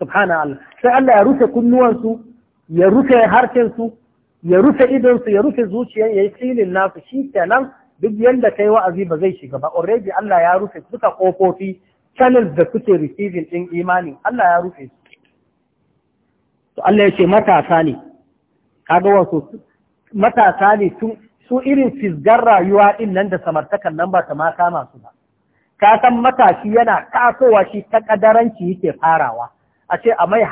subhana Allah sai Allah ya rufe kunnuwansu ya rufe harshensu, ya rufe idonsu ya rufe zuciyar ya yi filin nasu shi kenan duk yadda kai wa'azi ba zai shiga ba already Allah ya rufe duka kofofi channels da suke receiving din imani Allah ya rufe su to Allah ya ce matasa ne kaga wasu matasa ne tun su irin fisgar rayuwa ɗin nan da samartakan nan ba ta ma kama su ba. Ka san matashi yana kasowa shi ta ƙadaranci yake farawa, a ce a mai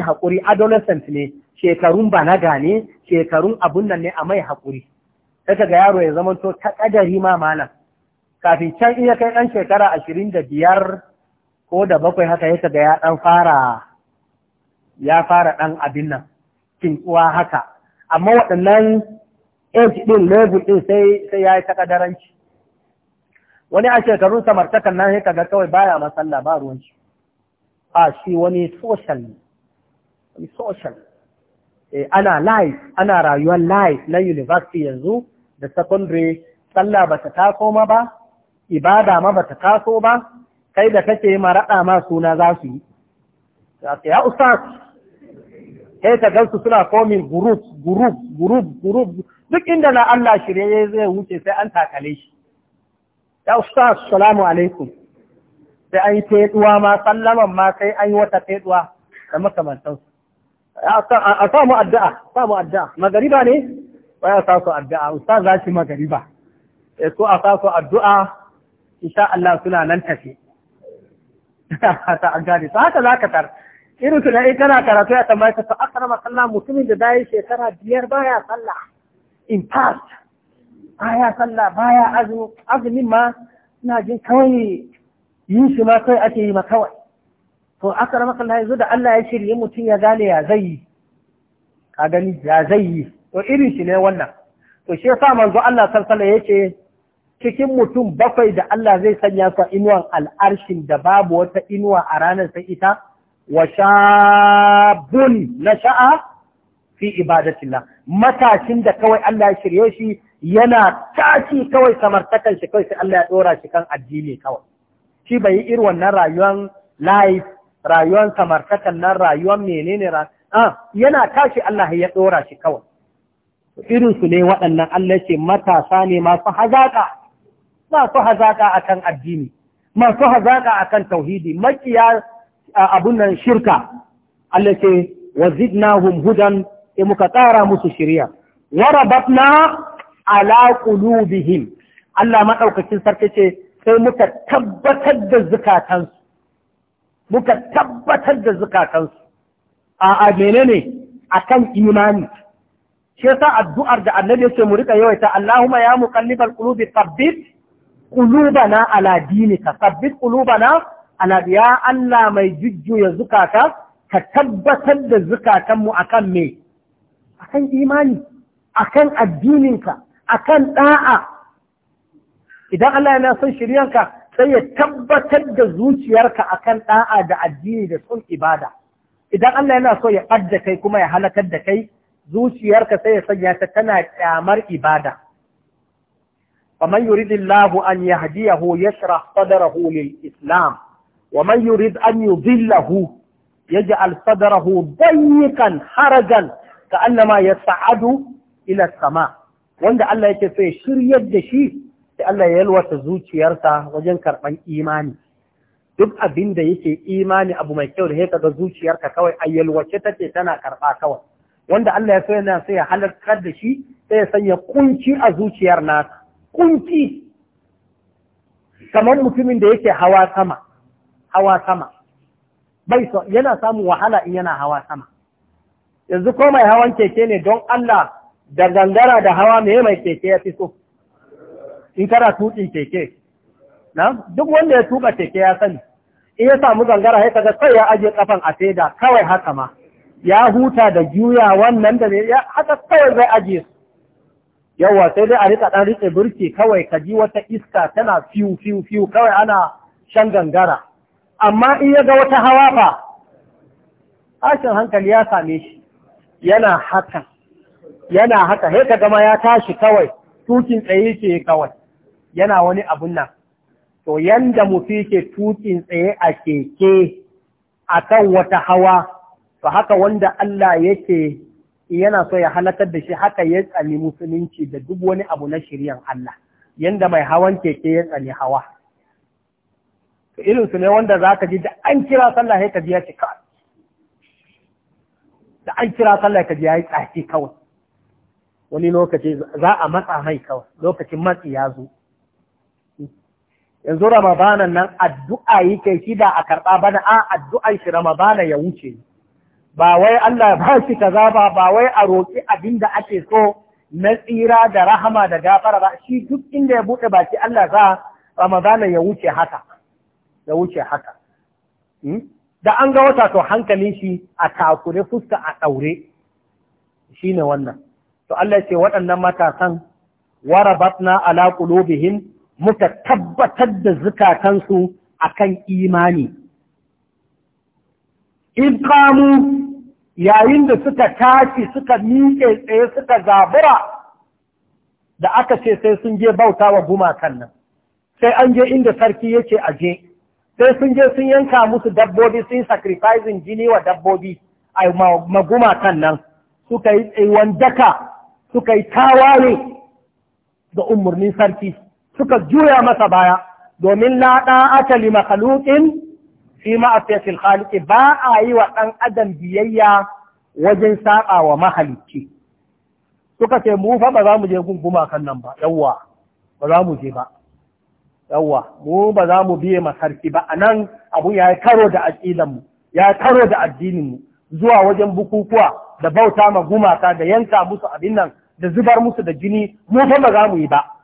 haƙuri adolescent ne, shekarun ba na gane. shekarun abun nan ne a mai haƙuri sai ga yaro ya zamanto ta ƙadari ma malam kafin can iya kai ɗan shekara ashirin da biyar ko da bakwai haka ya ga ya ɗan fara ya fara ɗan abin nan kintsuwa haka amma waɗannan age ɗin level ɗin sai ya yi ta ƙadaranci wani a shekarun samartakan nan ya ga kawai baya masalla ba ruwanci. a shi wani social wani social Eh, ana life ana rayuwar life na university yanzu da secondary sallah ba ta taso ma ba ibada ma ba ta taso ba kai da kake ma raɗa ma suna za su yi ya ustaz kai ka gansu suna komin group group group group duk inda na Allah shirye zai wuce sai an takale shi ya ustaz salamu alaikum sai an yi feduwa ma sallaman ma sai an yi wata feɗuwa da makamantansu a samu addu'a samu addu'a magariba ne ba ya sasu addu'a ustaz za shi magariba E, ko a sasu addu'a insha Allah suna nan tafi ta an gane su haka zaka tar irin su da in kana karatu ya tambaye ka sa akrama sallah mutumin da dai shekara biyar baya sallah in past baya sallah baya azumi azumin ma ina jin kawai yin shi ma kawai ake yi ma kawai to aka Allah ya yanzu da Allah ya shirye mutum ya gane ya zai yi ka gani ya zai yi to irin shi ne wannan to shi yasa manzo Allah sallallahu yake cikin mutum bakwai da Allah zai sanya su inuwan al'arshin da babu wata inuwa a ranar sai ita wa shabun na sha'a fi ibadatillah matashin da kawai Allah ya shirye shi yana tashi kawai samartakan shi kawai sai Allah ya dora shi kan addini kawai shi bai yi irin wannan rayuwar life rayuwar samarkatan nan rayuwar menene ra yana tashi Allah ya ɗora shi kawai irin su ne waɗannan Allah ce matasa ne masu hazaƙa masu hazaƙa akan addini masu hazaƙa akan tauhidi makiya abun nan shirka Allah ce wa hudan e muka tsara musu shirya wa ala qulubihim Allah maɗaukacin sarki ce sai muka tabbatar da zukatansu muka tabbatar da zukatansu a menene akan imani shi yasa addu'ar da annabi yake mu rika yawaita Allahumma ya muqallibal qulubi thabbit kulubana ala dinika thabbit kulubana ala ya Allah mai jujjuya zukata ka tabbatar da zukatan mu akan me akan imani akan addininka akan da'a idan Allah yana san shiryanka sai ya tabbatar da zuciyarka akan ɗa'a da addini da sun ibada idan Allah yana so ya ɓadda kai kuma ya halakar da kai zuciyarka sai ya sanya ta tana kyamar ibada faman yuridillahu an yahdiyahu yashrah sadrahu lil islam wa man yurid an yudhillahu yaj'al sadrahu dayyikan harajan ka'annama yas'adu ila sama wanda Allah yake so ya shiryar da shi sai Allah ya yalwata zuciyarsa wajen karɓan imani duk abin da yake imani abu mai kyau da ya kaga zuciyarka kawai a yalwace take tana karɓa kawai wanda Allah ya so yana sai ya halartar da shi sai ya sanya kunci a zuciyar nasa kunci kamar mutumin da yake hawa sama hawa sama bai so yana samun wahala in yana hawa sama yanzu ko mai hawan keke ne don Allah da gangara da hawa me mai keke ya fi so in kana tuƙin keke na duk wanda ya tuka keke ya sani in ya samu gangara sai ga sai ya ajiye kafan a saida kawai haka ma ya huta da juya wannan da ya haka kawai zai ajiye su yawa sai dai a rika dan rike burki kawai ka ji wata iska tana fiu fiu fiu kawai ana shan gangara amma in ya ga wata hawa fa tashin hankali ya same shi yana haka yana haka sai ka gama ya tashi kawai tukin tsaye ce kawai yana wani abun nan to yanda mutum ke tukin tsaye a keke a kan wata hawa to haka wanda Allah yake yana so ya halakar da shi haka ya tsani musulunci da duk wani abu na shiryan Allah yanda mai hawan keke ya tsani hawa to irinsu ne wanda za ka ji da an kira sallah ya ka ji ya ce kawai. da an kira sallah ka ji ya yi tsaki kawai wani lokaci za a matsa mai kawai lokacin matsi ya zo yanzu ramadanan nan addu'a yake shi ba a karɓa bana an addu'ar shi ramadana ya wuce ba wai Allah ba shi ka ba ba wai a roƙi abin da ake so na tsira da rahama da gafara ba shi duk inda ya buɗe baki Allah za ramadana ya wuce haka ya wuce haka hmm? da an ga wata to hankalin shi a takure fuska a ɗaure ne wannan to Allah ce waɗannan matasan warabatna ala qulubihim muka tabbatar da zukatansu a kan imani in kamu yayin da suka tashi suka miƙe tsaye suka zabura da aka ce sai sun je bauta wa gumakan nan sai an je inda sarki yake aje sai sun je sun yanka musu dabbobi sun sacrificing jini wa dabbobi a magumakan nan suka yi daka suka yi ne da umarnin sarki suka juya masa baya domin laɗa da'ata li makhluqin fi ma'afiyar khaliq ba a yi wa ɗan adam biyayya wajen saƙa wa mahalicci suka ce mu fa ba za mu je gunguma kan nan ba yawwa ba za mu je ba yawwa mu ba za mu biye masarki ba anan abun ya karo da aqidan mu ya karo da addinin mu zuwa wajen bukukuwa da bauta ma gumaka da yanka musu abin nan da zubar musu da jini mu fa ba za mu yi ba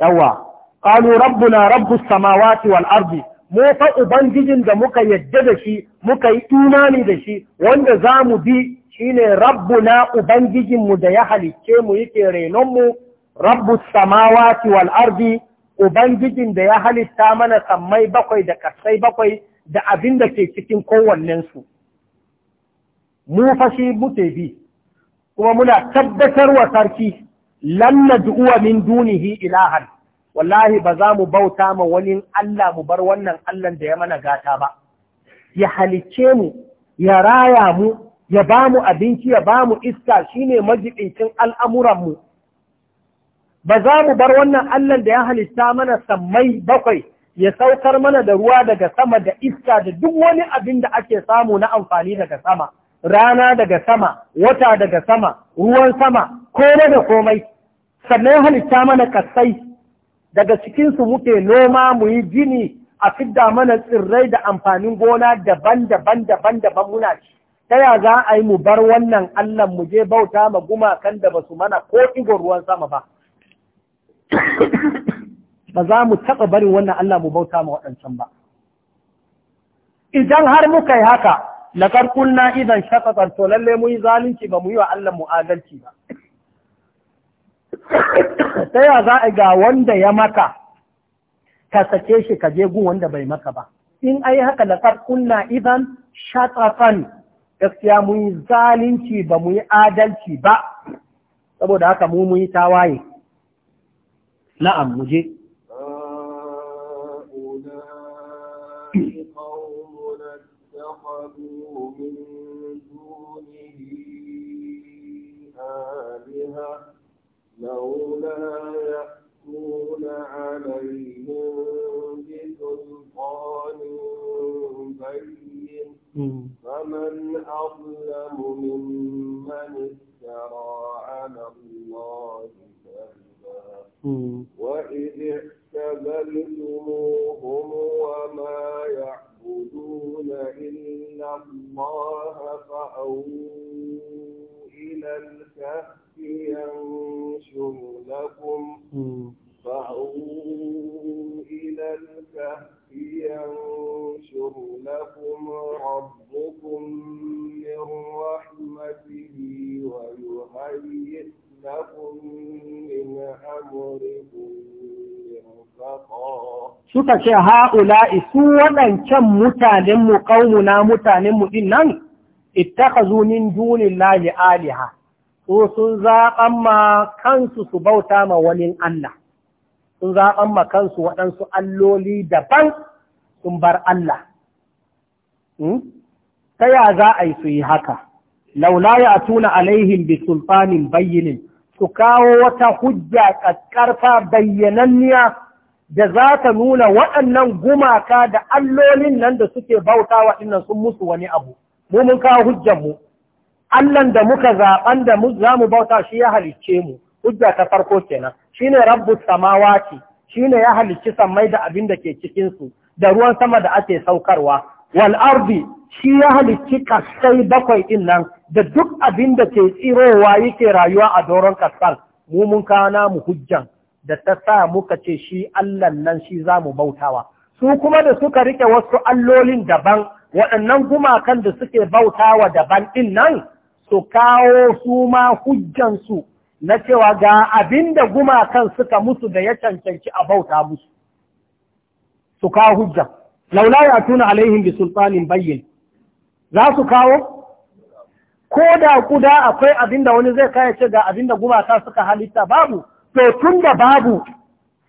yawa qalu rabbuna rabbus samawati wal ardi mu fa ubangijin da muka yadda da shi muka yi imani da shi wanda zamu bi shine rabbuna ubangijin mu da ya halicce mu yake renon mu rabbus samawati wal ardi ubangijin da ya halitta mana sammai bakwai da kasai bakwai da abin da ke cikin kowannensu mu fa shi muke bi kuma muna tabbatar wa sarki lanna du'uwa min dunihi ilahan wallahi ba za mu bauta ma wani Allah mu bar wannan Allah da ya mana gata ba ya halicce mu ya raya mu ya ba mu abinci ya ba mu iska shine majibincin al'amuran mu ba za mu bar wannan Allah da ya halitta mana sammai bakwai ya saukar mana da ruwa daga sama da iska da duk wani abin da ake samu na amfani daga sama rana daga sama wata daga sama ruwan sama Ko da komai sannan ya halitta mana kasai daga cikinsu muke noma mu yi gini a fidda mana tsirrai da amfanin gona daban-daban daban-daban muna ci ta ya za a yi mu bar wannan allah mu je bauta ma gumakan da ba su mana ko ɗigon ruwan sama ba ba za mu taɓa barin wannan allah mu bauta ma waɗancan ba idan har muka yi haka na ƙarƙun idan shafa to lalle mu yi zalunci ba mu yi wa allah mu adalci ba ta za a ga wanda ya maka ka sake shi ka je gun wanda bai maka ba in ai haka da kunna idan Shatafan gaskiya mu yi zalunci ba mu yi adalci ba saboda haka mu mun yi tawaye na'am mu je لولا يأتون عليهم بسلطان بين فمن أظلم ممن افترى على الله كذبا وإذ اعتزلتموهم وما يعبدون إلا الله فأووا إلى الكهف ينشر لكم فأووا إلى الكهف ينشر لكم ربكم من رحمته ويهيئ لكم من أمركم Suka ce ha'ula'i su waɗancan mutanenmu, ƙaununa mutanenmu ɗin nan, ittakhazu min dunillahi aliha so sun zaɓan ma kansu su bauta ma wani Allah sun zaɓan ma kansu waɗansu alloli daban sun bar Allah ta ya za a yi su yi haka laula ya tuna alaihim bi sulfanin bayyinin su kawo wata hujja ƙaƙƙarfa bayyananniya da za ta nuna waɗannan gumaka da allolin nan da suke bauta waɗannan sun musu wani abu. mu mun kawo hujjan mu Allahn da muka zaɓan da za mu bauta shi ya halicce mu hujja ta farko kenan shine rabbu samawati shine ya halicci sammai da abin da ke su da ruwan sama da ake saukarwa wal ardi shi ya halicci kasai bakwai din nan da duk abin da ke tsirowa yake rayuwa a doron kasar mu mun kana mu hujjan da ta sa muka ce shi Allah nan shi zamu bautawa su kuma da suka rike wasu allolin daban waɗannan gumakan da suke bauta wa daban ɗin nan su kawo su ma hujjansu na cewa ga abin da gumakan suka musu da ya cancanci a bauta musu su kawo hujja laula ya tuna alaihin bi sultanin bayyin za su kawo ko da kuda akwai abinda wani zai kaya ce ga abinda da gumaka suka halitta babu to tun da babu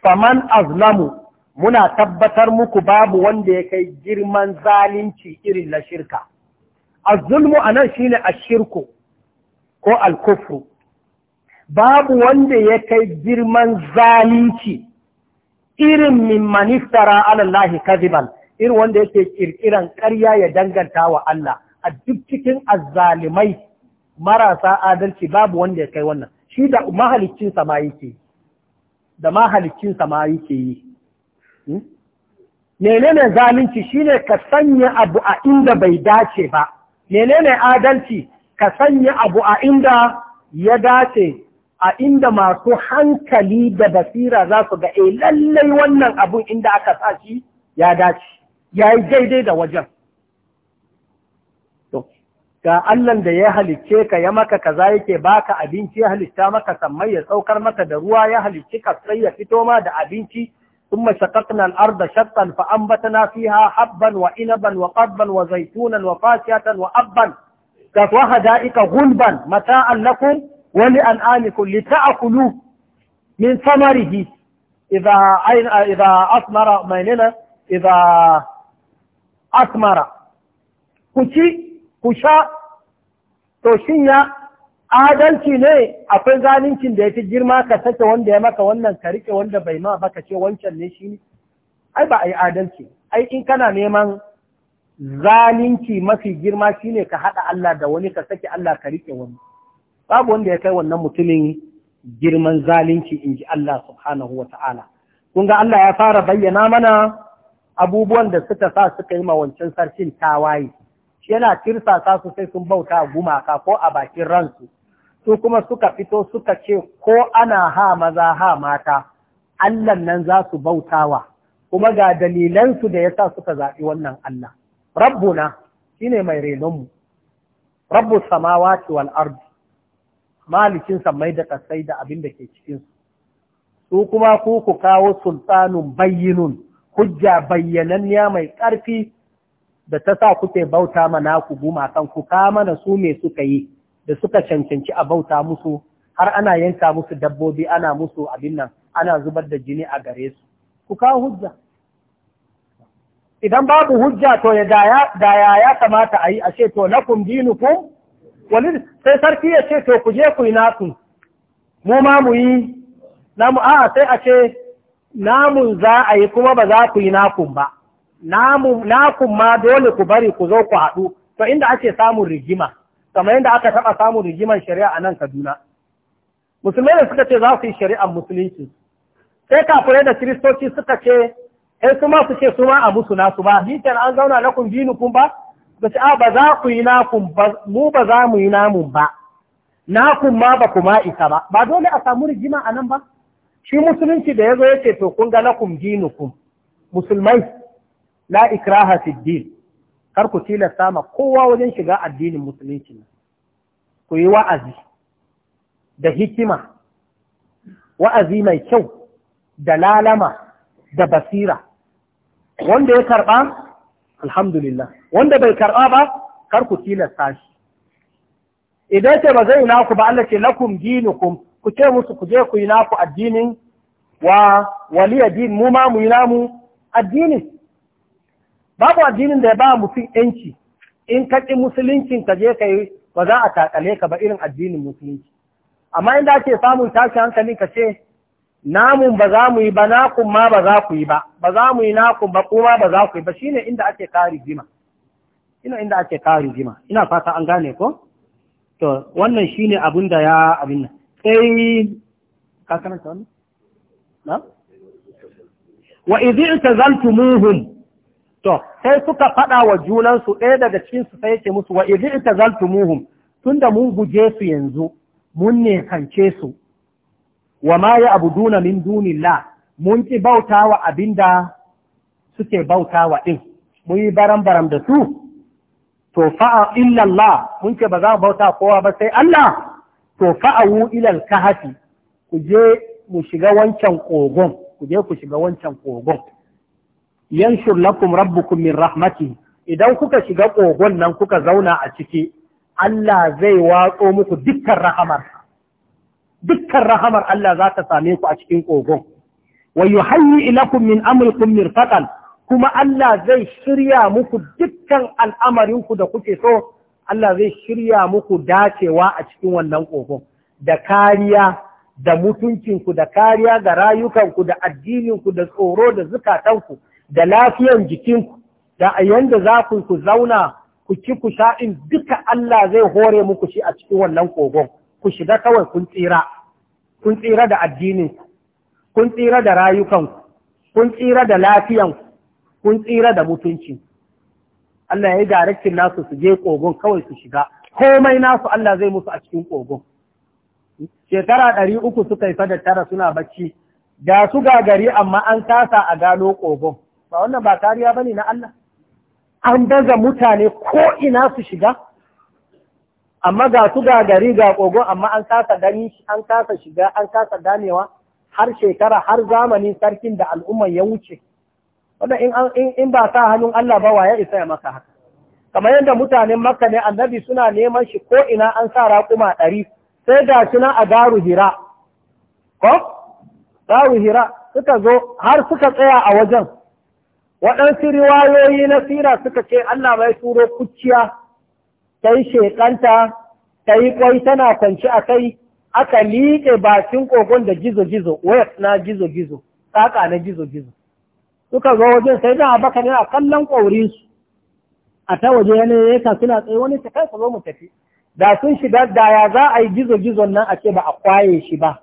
faman azlamu muna tabbatar muku babu wanda ya kai girman zalunci irin na shirka A zulmu anan shine a shirku ko al babu wanda ya kai girman zalunci irin min manistara Alallahi Allah kaziban irin wanda yake kirkiran karya ya danganta wa Allah a duk cikin azalimai, marasa adalci babu wanda ya kai wannan shi da mahalicin ke yi Hmm? menene zalunci shine ka sanya abu a inda bai dace ba menene adalci ka sanya abu a inda ya dace a inda masu hankali da basira za su ga eh, lallai wannan abun inda aka sa shi ya dace ya yi daidai da wajen ga Allahn da ya halicce ka ya maka kaza yake baka abinci ya halitta maka sammai ya tsaukar maka da ruwa ya halicci ka sai ya fito ma da abinci ثم شققنا الأرض شقا فأنبتنا فيها حبا وإنبا وقضبا وزيتونا وفاكهة وأبا كفهدائك غلبا متاعا لكم ولأنعامكم لتأكلوا من ثمره إذا إذا أثمر ميننا إذا أثمر كشي كشا توشيا adalci ne akwai zalincin da ya fi girma ka sake wanda ya maka wannan ka rike wanda bai ma baka ce wancan ne shi ne ai ba a yi adalci ai in kana neman zalinci mafi girma shi ne ka haɗa Allah da wani ka sake Allah ka rike wani babu wanda ya kai wannan mutumin girman zalunci in ji Allah subhanahu wa ta'ala kun ga Allah ya fara bayyana mana abubuwan da suka sa suka yi mawancin sarkin tawaye yana tirsasa su sai sun bauta gumaka ko a bakin ransu su kuma suka fito suka ce ko ana ha maza ha mata allah nan za su bautawa kuma ga dalilansu da ya sa suka zaɓi wannan Allah rabbuna shine mai renonmu rabbu samawati wal ardi malikin sammai da kasai da abin da ke cikinsu. su kuma ku ku kawo sultanun bayyinun hujja bayyananniya mai ƙarfi da ta sa kuke bauta mana ku kan ku kama mana su me suka yi da suka cancanci a bauta musu har ana yanka musu dabbobi ana musu abin nan ana zubar da jini a gare su ku kawo hujja idan babu hujja to ya daya ya kamata a yi a ce to dinu ku? walid sai sarki ya ce to ku je ku yi naku mu ma mu yi namu a'a sai a ce namun za a yi kuma ba za ku yi nakun ba nakun ma dole ku bari ku zo ku haɗu to inda ake samun rigima kamar yadda aka taɓa samun rigimar shari'a a nan Kaduna. Musulmai da suka ce za su yi shari'ar musulunci, sai kafirai da kiristoci suka ce, ‘yan eh, su ma su ce su ma a musu nasu ba, ce an zauna na kun dini kun ba, ba ce, a ah, ba za ku yi nakun ba, mu ba za mu yi namun ba, nakun ma ba kuma isa ba, ba dole a samu rigima a nan ba. Shi musulunci da ya zo ya ce, to kun ga na kun kun, musulmai, la ikraha fi kar ku tilasta ma kowa wajen shiga addinin musulunci ku yi wa'azi da hikima wa'azi mai kyau da lalama da basira wanda ya karɓa alhamdulillah wanda bai karɓa ba kar ku tilasta shi idan ce ba zai naku ba Allah ce lakum dinukum ku ce musu ku je ku yi naku addinin wa waliyadin mu ma mu yi namu addinin babu addinin da ya ba mutum yanci in ka ƙi musuluncin ka je ka yi ba za a takale ka ba irin addinin musulunci amma inda ake samun tashi hankali ka ce namun ba za mu yi ba nakun ma ba za ku yi ba ba za mu yi nakun ba kuma ba za ku yi ba shine inda ake kare jima ina inda ake kare jima ina fata an gane ko to wannan shine abin da ya abin nan sai ka karanta wannan na wa idh tazaltumuhum to sai suka faɗa wa junansu ɗaya daga cikin su sai yake musu wa idh itazaltumuhum tunda mun guje su yanzu mun ne kance su wa ma duna min dunilla mun ki bautawa abinda suke bautawa din mun yi baram baram da su to fa'a illa Allah mun ce ba za mu bauta kowa ba sai Allah to fa'awu ila al-kahfi ku je mu shiga wancan kogon ku je ku shiga wancan kogon yanshur lakum rabbukum min rahmati idan kuka shiga kogon nan kuka zauna a ciki Allah zai watso muku dukkan rahamar dukkan rahamar Allah za ta same ku a cikin kogon wa yuhayyi ilakum min amrikum mirfaqan kuma Allah zai shirya muku dukkan al'amarinku da kuke so Allah zai shirya muku dacewa a cikin wannan kogon da kariya da mutuncinku da kariya ga rayukanku da addininku da tsoro da zukatanku da lafiyan jikinku da a yanda za ku ku zauna ku ci ku sha'in duka Allah zai hore muku shi a cikin wannan kogon ku shiga kawai kun tsira kun tsira da addininku kun tsira da rayukanku kun tsira da lafiyanku kun tsira da mutunci Allah ya yi daraktin nasu su je kogon kawai su shiga komai nasu Allah zai musu a cikin kogon shekara ɗari uku suka yi tara suna bacci Da su gagari amma an kasa a gano kogon ba wannan ba kariya bane na Allah an daga mutane ko ina su shiga amma ga su ga gari ga kogo amma an kasa gani an kasa shiga an kasa danewa har shekara har zamanin sarkin da al'umma ya wuce wanda in ba sa hannun Allah ba ya isa ya maka haka kamar yadda mutanen makka ne annabi suna neman shi ko ina an sa raƙuma ɗari sai da shi na a garu hira ko garu hira suka zo har suka tsaya a wajen waɗansu riwayoyi na sira suka ce Allah mai turo kuciya ta yi shekanta ta yi kwai tana kwanci a kai aka liƙe bakin kogon da gizo-gizo wayaf na gizo-gizo tsaka na gizo-gizo suka zo wajen sai da abaka ne a kallon ƙaurinsu a ta waje yanayi ya suna tsaye wani ta kai ku zo mu tafi da sun shiga da ya za a yi gizo-gizon nan a ce ba a kwaye shi ba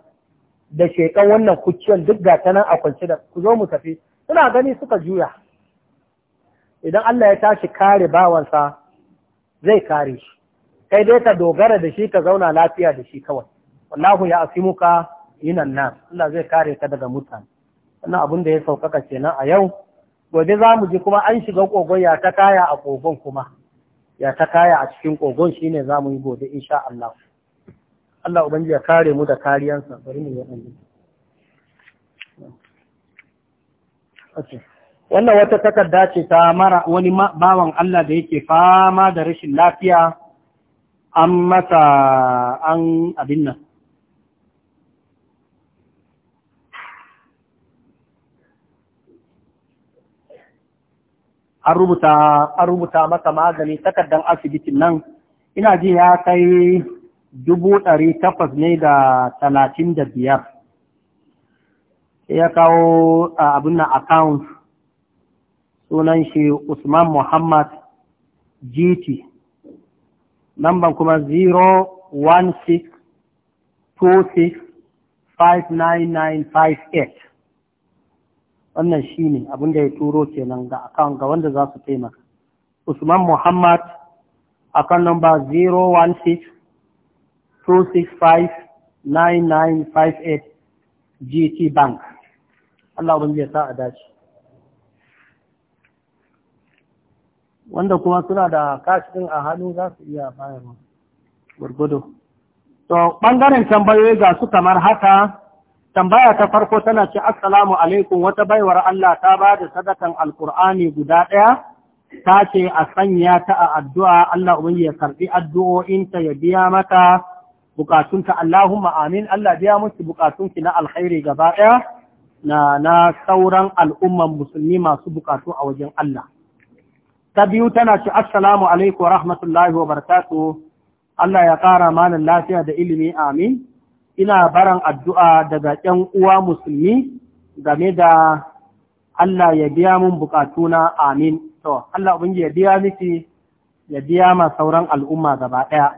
da shekan wannan kuciyar duk ga ta a kwance da ku zo mu tafi suna gani suka juya idan Allah ya tashi kare bawansa zai kare shi kai dai ka dogara da shi ka zauna lafiya da shi kawai wallahu ya asimuka yinan nan Allah zai kare ka daga mutane wannan abin da ya saukaka kenan a yau gobe za mu ji kuma an shiga kogon ya ta kaya a kogon kuma ya ta kaya a cikin kogon shine za mu yi gobe insha Allah Allah ubangiji ya kare mu da kariyansa bari mu yi Okay. wannan wata takarda ce ta mara wani bawan Allah da yake fama da rashin lafiya an masa an abin nan an rubuta masa magani takardan asibitin nan ina ji ya kai dubu ɗari takwas ne da talatin da biyar ya kawo abin nan account sunan shi Usman Muhammad GT namba kuma 01626599958 wannan shi ne abinda ya turo kenan ga akawun ga wanda za su taimaka Usman Muhammad akan namba 01626599958 GT Bank Allah ubangiji ya sa a dace wanda kuma suna da kashin a hannu za su iya bayarwa gurgudu. to ɓangaren tambayoyi ga su kamar haka tambaya ta farko tana ce assalamu alaikum wata baiwar Allah ta ba da sadakan alkur'ani guda ɗaya ta ce a sanya ta a addu'a Allah ubangi ya karɓi addu'o'inta ya biya mata bukatunta Allahumma amin Allah biya musu bukatunki na alkhairi gaba ɗaya na na sauran al'umman musulmi masu bukatu a wajen Allah ta biyu tana ci assalamu alaikum wa rahmatullahi wa barakatu Allah ya kara malam lafiya da ilimi amin ina baran addu'a daga ƴan uwa musulmi game da Allah ya biya mun bukatuna amin to Allah ubangi ya biya miki ya biya ma sauran al'umma gaba ɗaya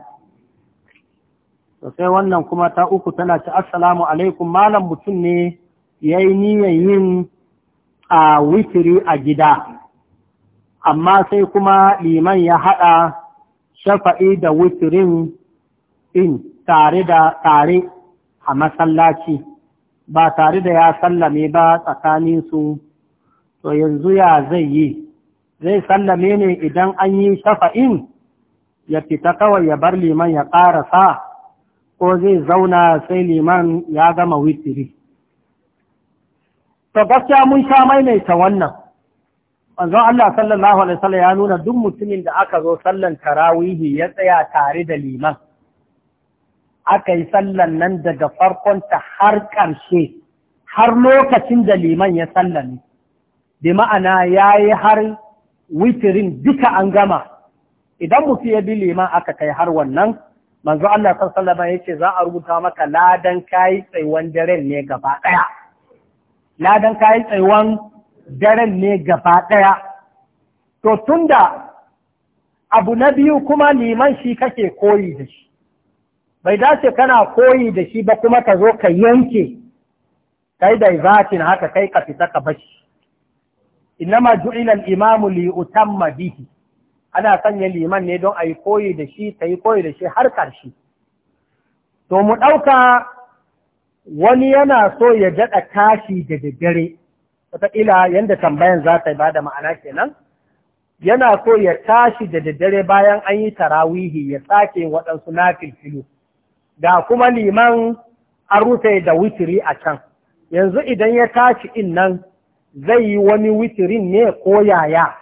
to sai wannan kuma ta uku tana ci assalamu alaikum malam mutum ne yayi niyyar yin a witiri a gida amma sai kuma liman ya haɗa shafa'i da wutirin in tare da tare a masallaci ba tare da ya sallame ba tsakaninsu to yanzu ya zai yi zai sallame ne idan an yi shafa'in ya fita kawai ya bar liman ya ƙarasa ko zai zauna sai liman ya gama witiri. To gaskiya mun sha maimaita wannan, manzon Allah sallallahu alaihi wasallam ya nuna duk mutumin da aka zo sallan tarawihi ya tsaya tare da liman aka yi sallan nan daga farkonta har ƙarshe har lokacin da liman ya sallani. bi ma'ana ya yi har witirin duka an gama idan mutum ya bi liman aka kai har wannan manzo Allah sallallahu ya ce za a rubuta maka ladan kayi tsaiwan daren ne gaba ɗaya ladan kayi tsaiwan daren ne gaba ɗaya to tun da abu na biyu kuma liman shi kake koyi da shi bai dace kana koyi da shi ba kuma ka zo ka yanke kai da izatin haka kai ka fita ka bashi innama ma ju'ilan imamu li utamma bihi ana sanya liman ne don a yi koyi da shi ta yi koyi da shi har karshe to mu ɗauka wani yana so ya daɗa tashi da daddare wataƙila yadda tambayan za ta ba da ma'ana kenan yana so ya tashi da daddare bayan an yi tarawihi ya sake waɗansu na filfilu ga kuma liman an rufe da witiri a can yanzu idan ya tashi in nan zai yi wani witirin ne ko yaya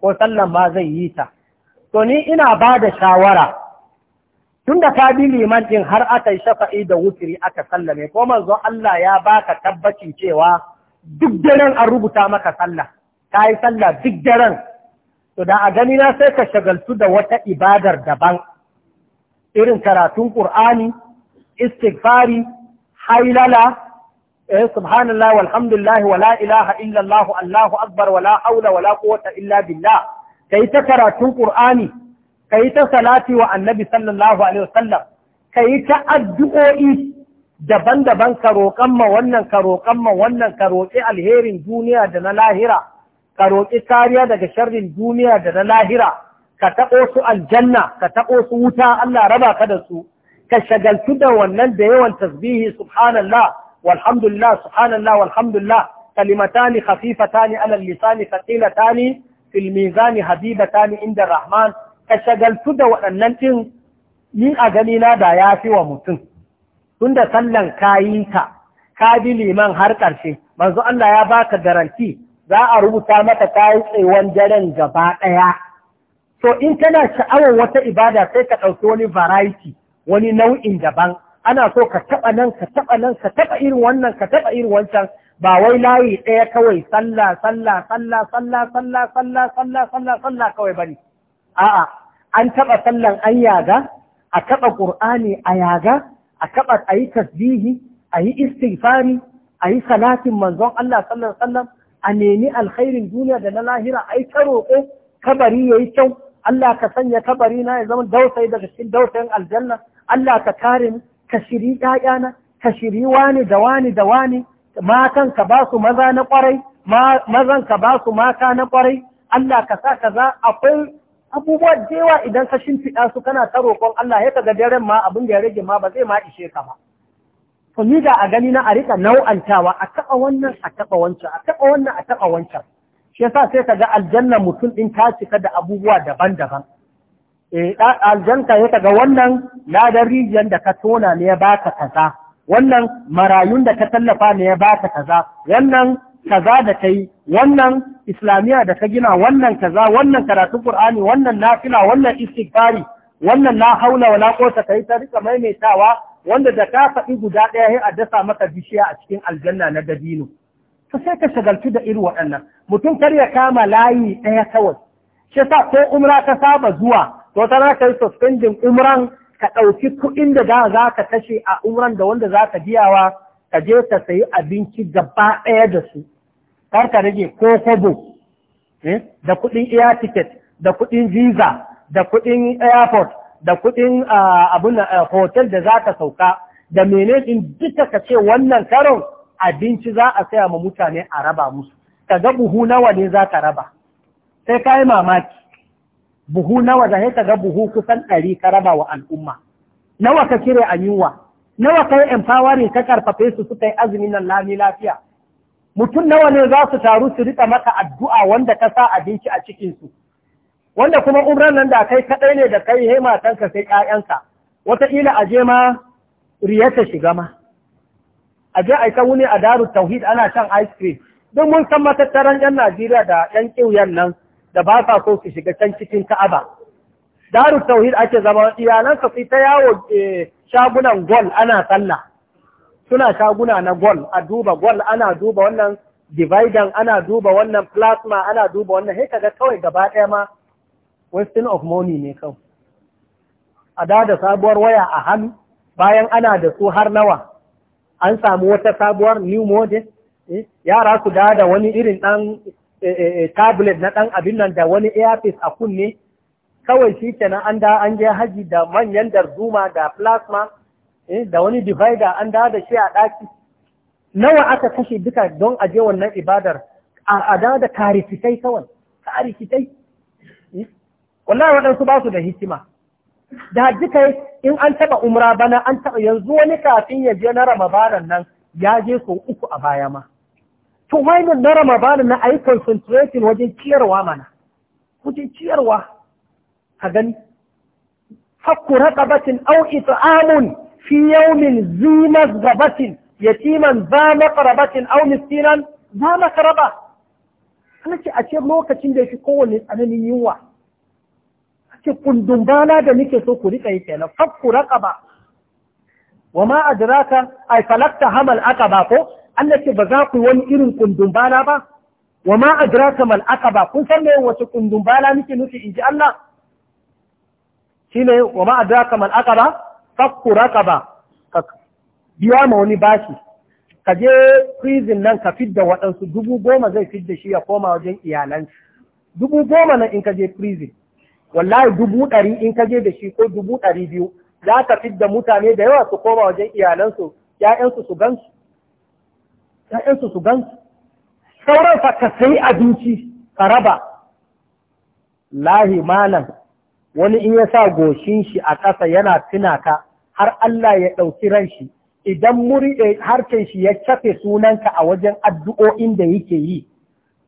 ko sallan ma zai yi ta to ni ina ba da shawara tun da ka bi liman ɗin har aka yi shafa'i da wutiri aka sallame ko manzo Allah ya baka tabbacin cewa duk daren an rubuta maka sallah ta yi sallah duk daren to da a gani na sai ka shagaltu da wata ibadar daban irin karatun ƙur'ani istighfari hailala eh subhanallah walhamdulillah wala ilaha illallah allahu akbar wala haula wala quwwata illa billah kai ta karatun ƙur'ani kai ta salati wa annabi sallallahu alaihi wasallam kai ta addu'o'i daban-daban ka roƙan ma wannan ka roƙan ma wannan ka roƙi alherin duniya da na lahira ka roƙi kariya daga sharrin duniya da na lahira ka taɓo su aljanna ka taɓo su wuta Allah raba ka da su ka shagaltu da wannan da yawan tasbihi subhanallah walhamdulillah subhanallah walhamdulillah kalimatani khafifatani ala lisani thaqilatani fil mizani habibatani inda rahman ka shagaltu da waɗannan din ni a gani na da yafi wa mutum tunda sallan kayi ka bi liman har ƙarshe manzo Allah ya baka garanti za a rubuta mata kayi tsaiwan daren gaba ɗaya to in kana sha'awar wata ibada sai ka ɗauki wani variety wani nau'in daban ana so ka taɓa nan ka taɓa nan ka taɓa irin wannan ka taɓa irin wancan ba wai layi ɗaya kawai sallah sallah sallah sallah sallah sallah sallah sallah sallah kawai bane a'a an taɓa sallan an yaga a taɓa ƙur'ani a yaga a taɓa a yi tasbihi a yi istighfari a yi salatin manzon Allah sallallahu alaihi a nemi alkhairin duniya da na lahira yi ta roƙo kabari yayi kyau Allah ka sanya kabari na ya zama dausayi daga cikin dausayin aljanna Allah ka kare ni ka shiri ƴaƴana ka shiri wani da wani da wani matan ka ba su maza na kwarai mazan ka ba su mata na kwarai Allah ka sa kaza akwai abubuwa da idan ka shimfiɗa su kana ta roƙon Allah ya ga daren ma abin da ya rage ma ba zai ma ishe ka ba to ni da a gani na a rika nau'antawa a taɓa wannan a taɓa wancan a taɓa wannan a taɓa wancan shi yasa sai kaga aljanna mutum ɗin ta cika da abubuwa daban-daban eh aljanka ya kaga wannan ladan rijiyar da ka tona ne ya baka kaza wannan marayun da ka tallafa ne ya baka kaza wannan kaza da kai wannan islamiyya da ka gina wannan kaza wannan karatun qur'ani wannan nafila wannan istighfari wannan la haula wala quwwata kai ta rika maimaitawa wanda da ka faɗi guda ɗaya sai a dasa maka bishiya a cikin aljanna na dabino to sai ka shagaltu da irin waɗannan mutum kar ya kama layi ɗaya kawai shi sa ko umra ka saba zuwa to tana kai suspending umran ka ɗauki kuɗin da za ka kashe a umran da wanda za ka biyawa ka je ka sayi abinci gaba ɗaya da su kar ka rage ko kobo eh, da kuɗin air ticket da kuɗin visa da kuɗin airport da kuɗin ah, abun ah, hotel da za ka sauka da mene din duka ka ce wannan karon abinci za a saya ma mutane a raba musu ka ga buhu nawa ne za ka raba sai ka yi mamaki buhu nawa da ka ga buhu kusan ɗari ka raba wa al'umma nawa ka kire a yunwa nawa ka yi empowering ka karfafe su suka yi azumin nan lami lafiya mutum nawa ne za su taru su riƙa maka addu'a wanda ka sa abinci a cikinsu wanda kuma umran nan da kai kaɗai ne da kai hema matanka sai ƙayanka, wataƙila a je ma riyata shiga ma a je aika wuni a daru tauhid ana shan ice cream don mun san matattaran yan Najeriya da yan ƙiwuyan nan da ba sa so su shiga can cikin Ka'aba daru tauhid ake zama iyalansa su ta yawo eh, shagunan gol ana sallah suna shaguna na gol a duba gol ana duba wannan dividan ana duba wannan plasma ana duba wannan sai ga kawai gaba ɗaya ma wasting of money ne kawai a da da sabuwar waya a hannu bayan ana da su har nawa an samu wata sabuwar new model eh, yara su da da wani irin ɗan eh, eh, tablet na ɗan abin nan da wani earpiece a kunne kawai shi kenan an da an je haji da manyan da da plasma Eh, da wani divider an da shi a ɗaki nawa aka kashe duka don aje wannan ibadar a da da karifitai kawai karifitai eh, wallahi waɗansu ba su da hikima da duka in an taɓa umra bana an taɓa yanzu wani kafin ya je na ramabaran nan ya je sau uku a baya ma to wai na ramabaran na ayi concentrating wajen ciyarwa mana wajen ciyarwa a gani fakku raqabatin aw it'amun في يوم ذي مزغبة يتيما ذا مقربة أو مسكينا ذا مقربة أنا ce a ce lokacin da ya fi kowane tsananin yunwa a ce bana da nake so ku rika yi kenan fakku raqaba wa ma adraka ay falakta hamal aqaba ko Allah ce ba za ku wani irin kundin bana ba wa ma adraka mal aqaba kun san me wace kundin bana Allah wa ma mal fakku raqaba ka biya ma wani bashi ka je prison nan ka fidda waɗansu dubu goma zai fidda shi ya koma wajen iyalan dubu goma nan in ka je prison wallahi dubu ɗari in ka je da shi ko dubu ɗari biyu za ka fidda mutane da yawa su koma wajen iyalansu ‘ya'yansu su gansu ‘ya'yansu su gansu sauran fa ka sai abinci ka raba lahi malam wani in ya sa goshin shi a ƙasa yana tuna ka har Allah ya ɗauki ran shi idan muri eh, harcen shi ya cafe sunanka a wajen addu'o'in da yake yi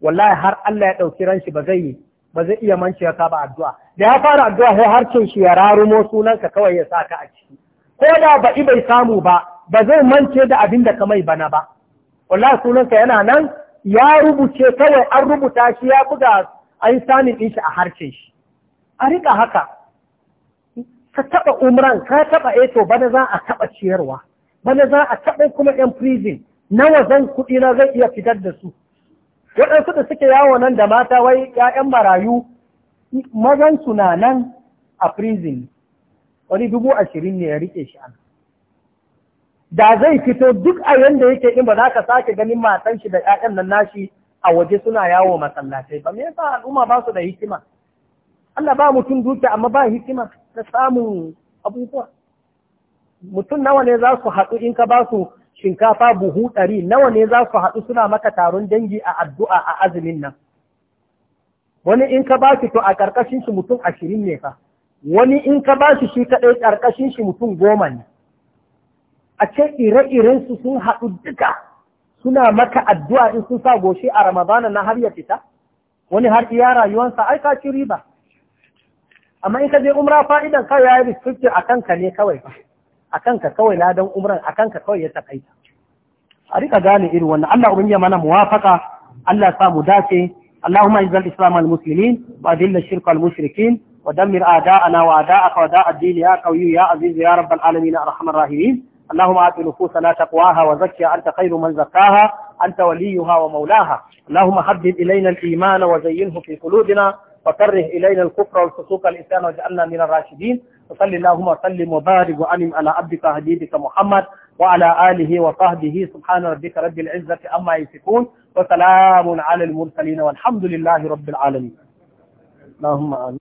wallahi har Allah ya ɗauki ran shi ba zai yi ba zai iya manci ya saba addu'a da ya fara addu'a sai harcen shi ya rarumo sunanka kawai ya saka a ciki ko da ba bai samu ba ba zai mance da abin da ka mai bana ba wallahi sunanka yana nan ya rubuce kawai an rubuta shi ya buga an sanin shi a harcen shi a riƙa haka ka taɓa umran ka taɓa eto eh bana za a taɓa ciyarwa bana za a taɓa kuma yan prison nawa zan kuɗi na zai iya fitar da su waɗansu da suke yawo nan da mata wai 'ya'yan marayu mazan su na nan a prison wani dubu ashirin ne ya rike shi an da zai fito duk a yanda yake in ba za ka sake ganin matan shi da 'ya'yan nan nashi a waje suna yawo masallatai ba me yasa al'umma ba su da hikima Allah ba mutum dukiya amma ba hikima na samun abubuwa mutum nawa ne za su haɗu in ka ba su shinkafa buhu ɗari nawa ne za su haɗu suna maka taron dangi a addu'a a azumin nan wani in ka ba shi to a ƙarƙashin shi mutum ashirin ne fa wani in ka ba shi shi kaɗai ƙarƙashin shi mutum goma ne a ce ire-iren su sun haɗu duka suna maka addu'a in sun sa goshi a ramadana na har ya fita wani har iya rayuwansa ai ka ci riba amma in ka je umra fa'idan kawai ya yi restricted a kanka ne kawai fa a kanka kawai ladan umran a kanka kawai ya takaita a rika gane irin wannan Allah ubangiji mana muwafaka Allah ya samu dace اللهم اعز الاسلام والمسلمين واذل الشرك والمشركين ودمر اعداءنا واعداءك واعداء الدين يا قوي يا عزيز يا رب العالمين ارحم الراحمين اللهم آت نفوسنا تقواها وزكها أنت خير من زكاها أنت وليها ومولاها اللهم حبب إلينا الإيمان وزينه في قلوبنا وكره إلينا الكفر والفسوق والإسلام وجعلنا من الراشدين وصل اللهم وسلم وبارك وأنم على عبدك هديدك محمد وعلى آله وصحبه سبحان ربك رب العزة أما يصفون وسلام على المرسلين والحمد لله رب العالمين اللهم آمين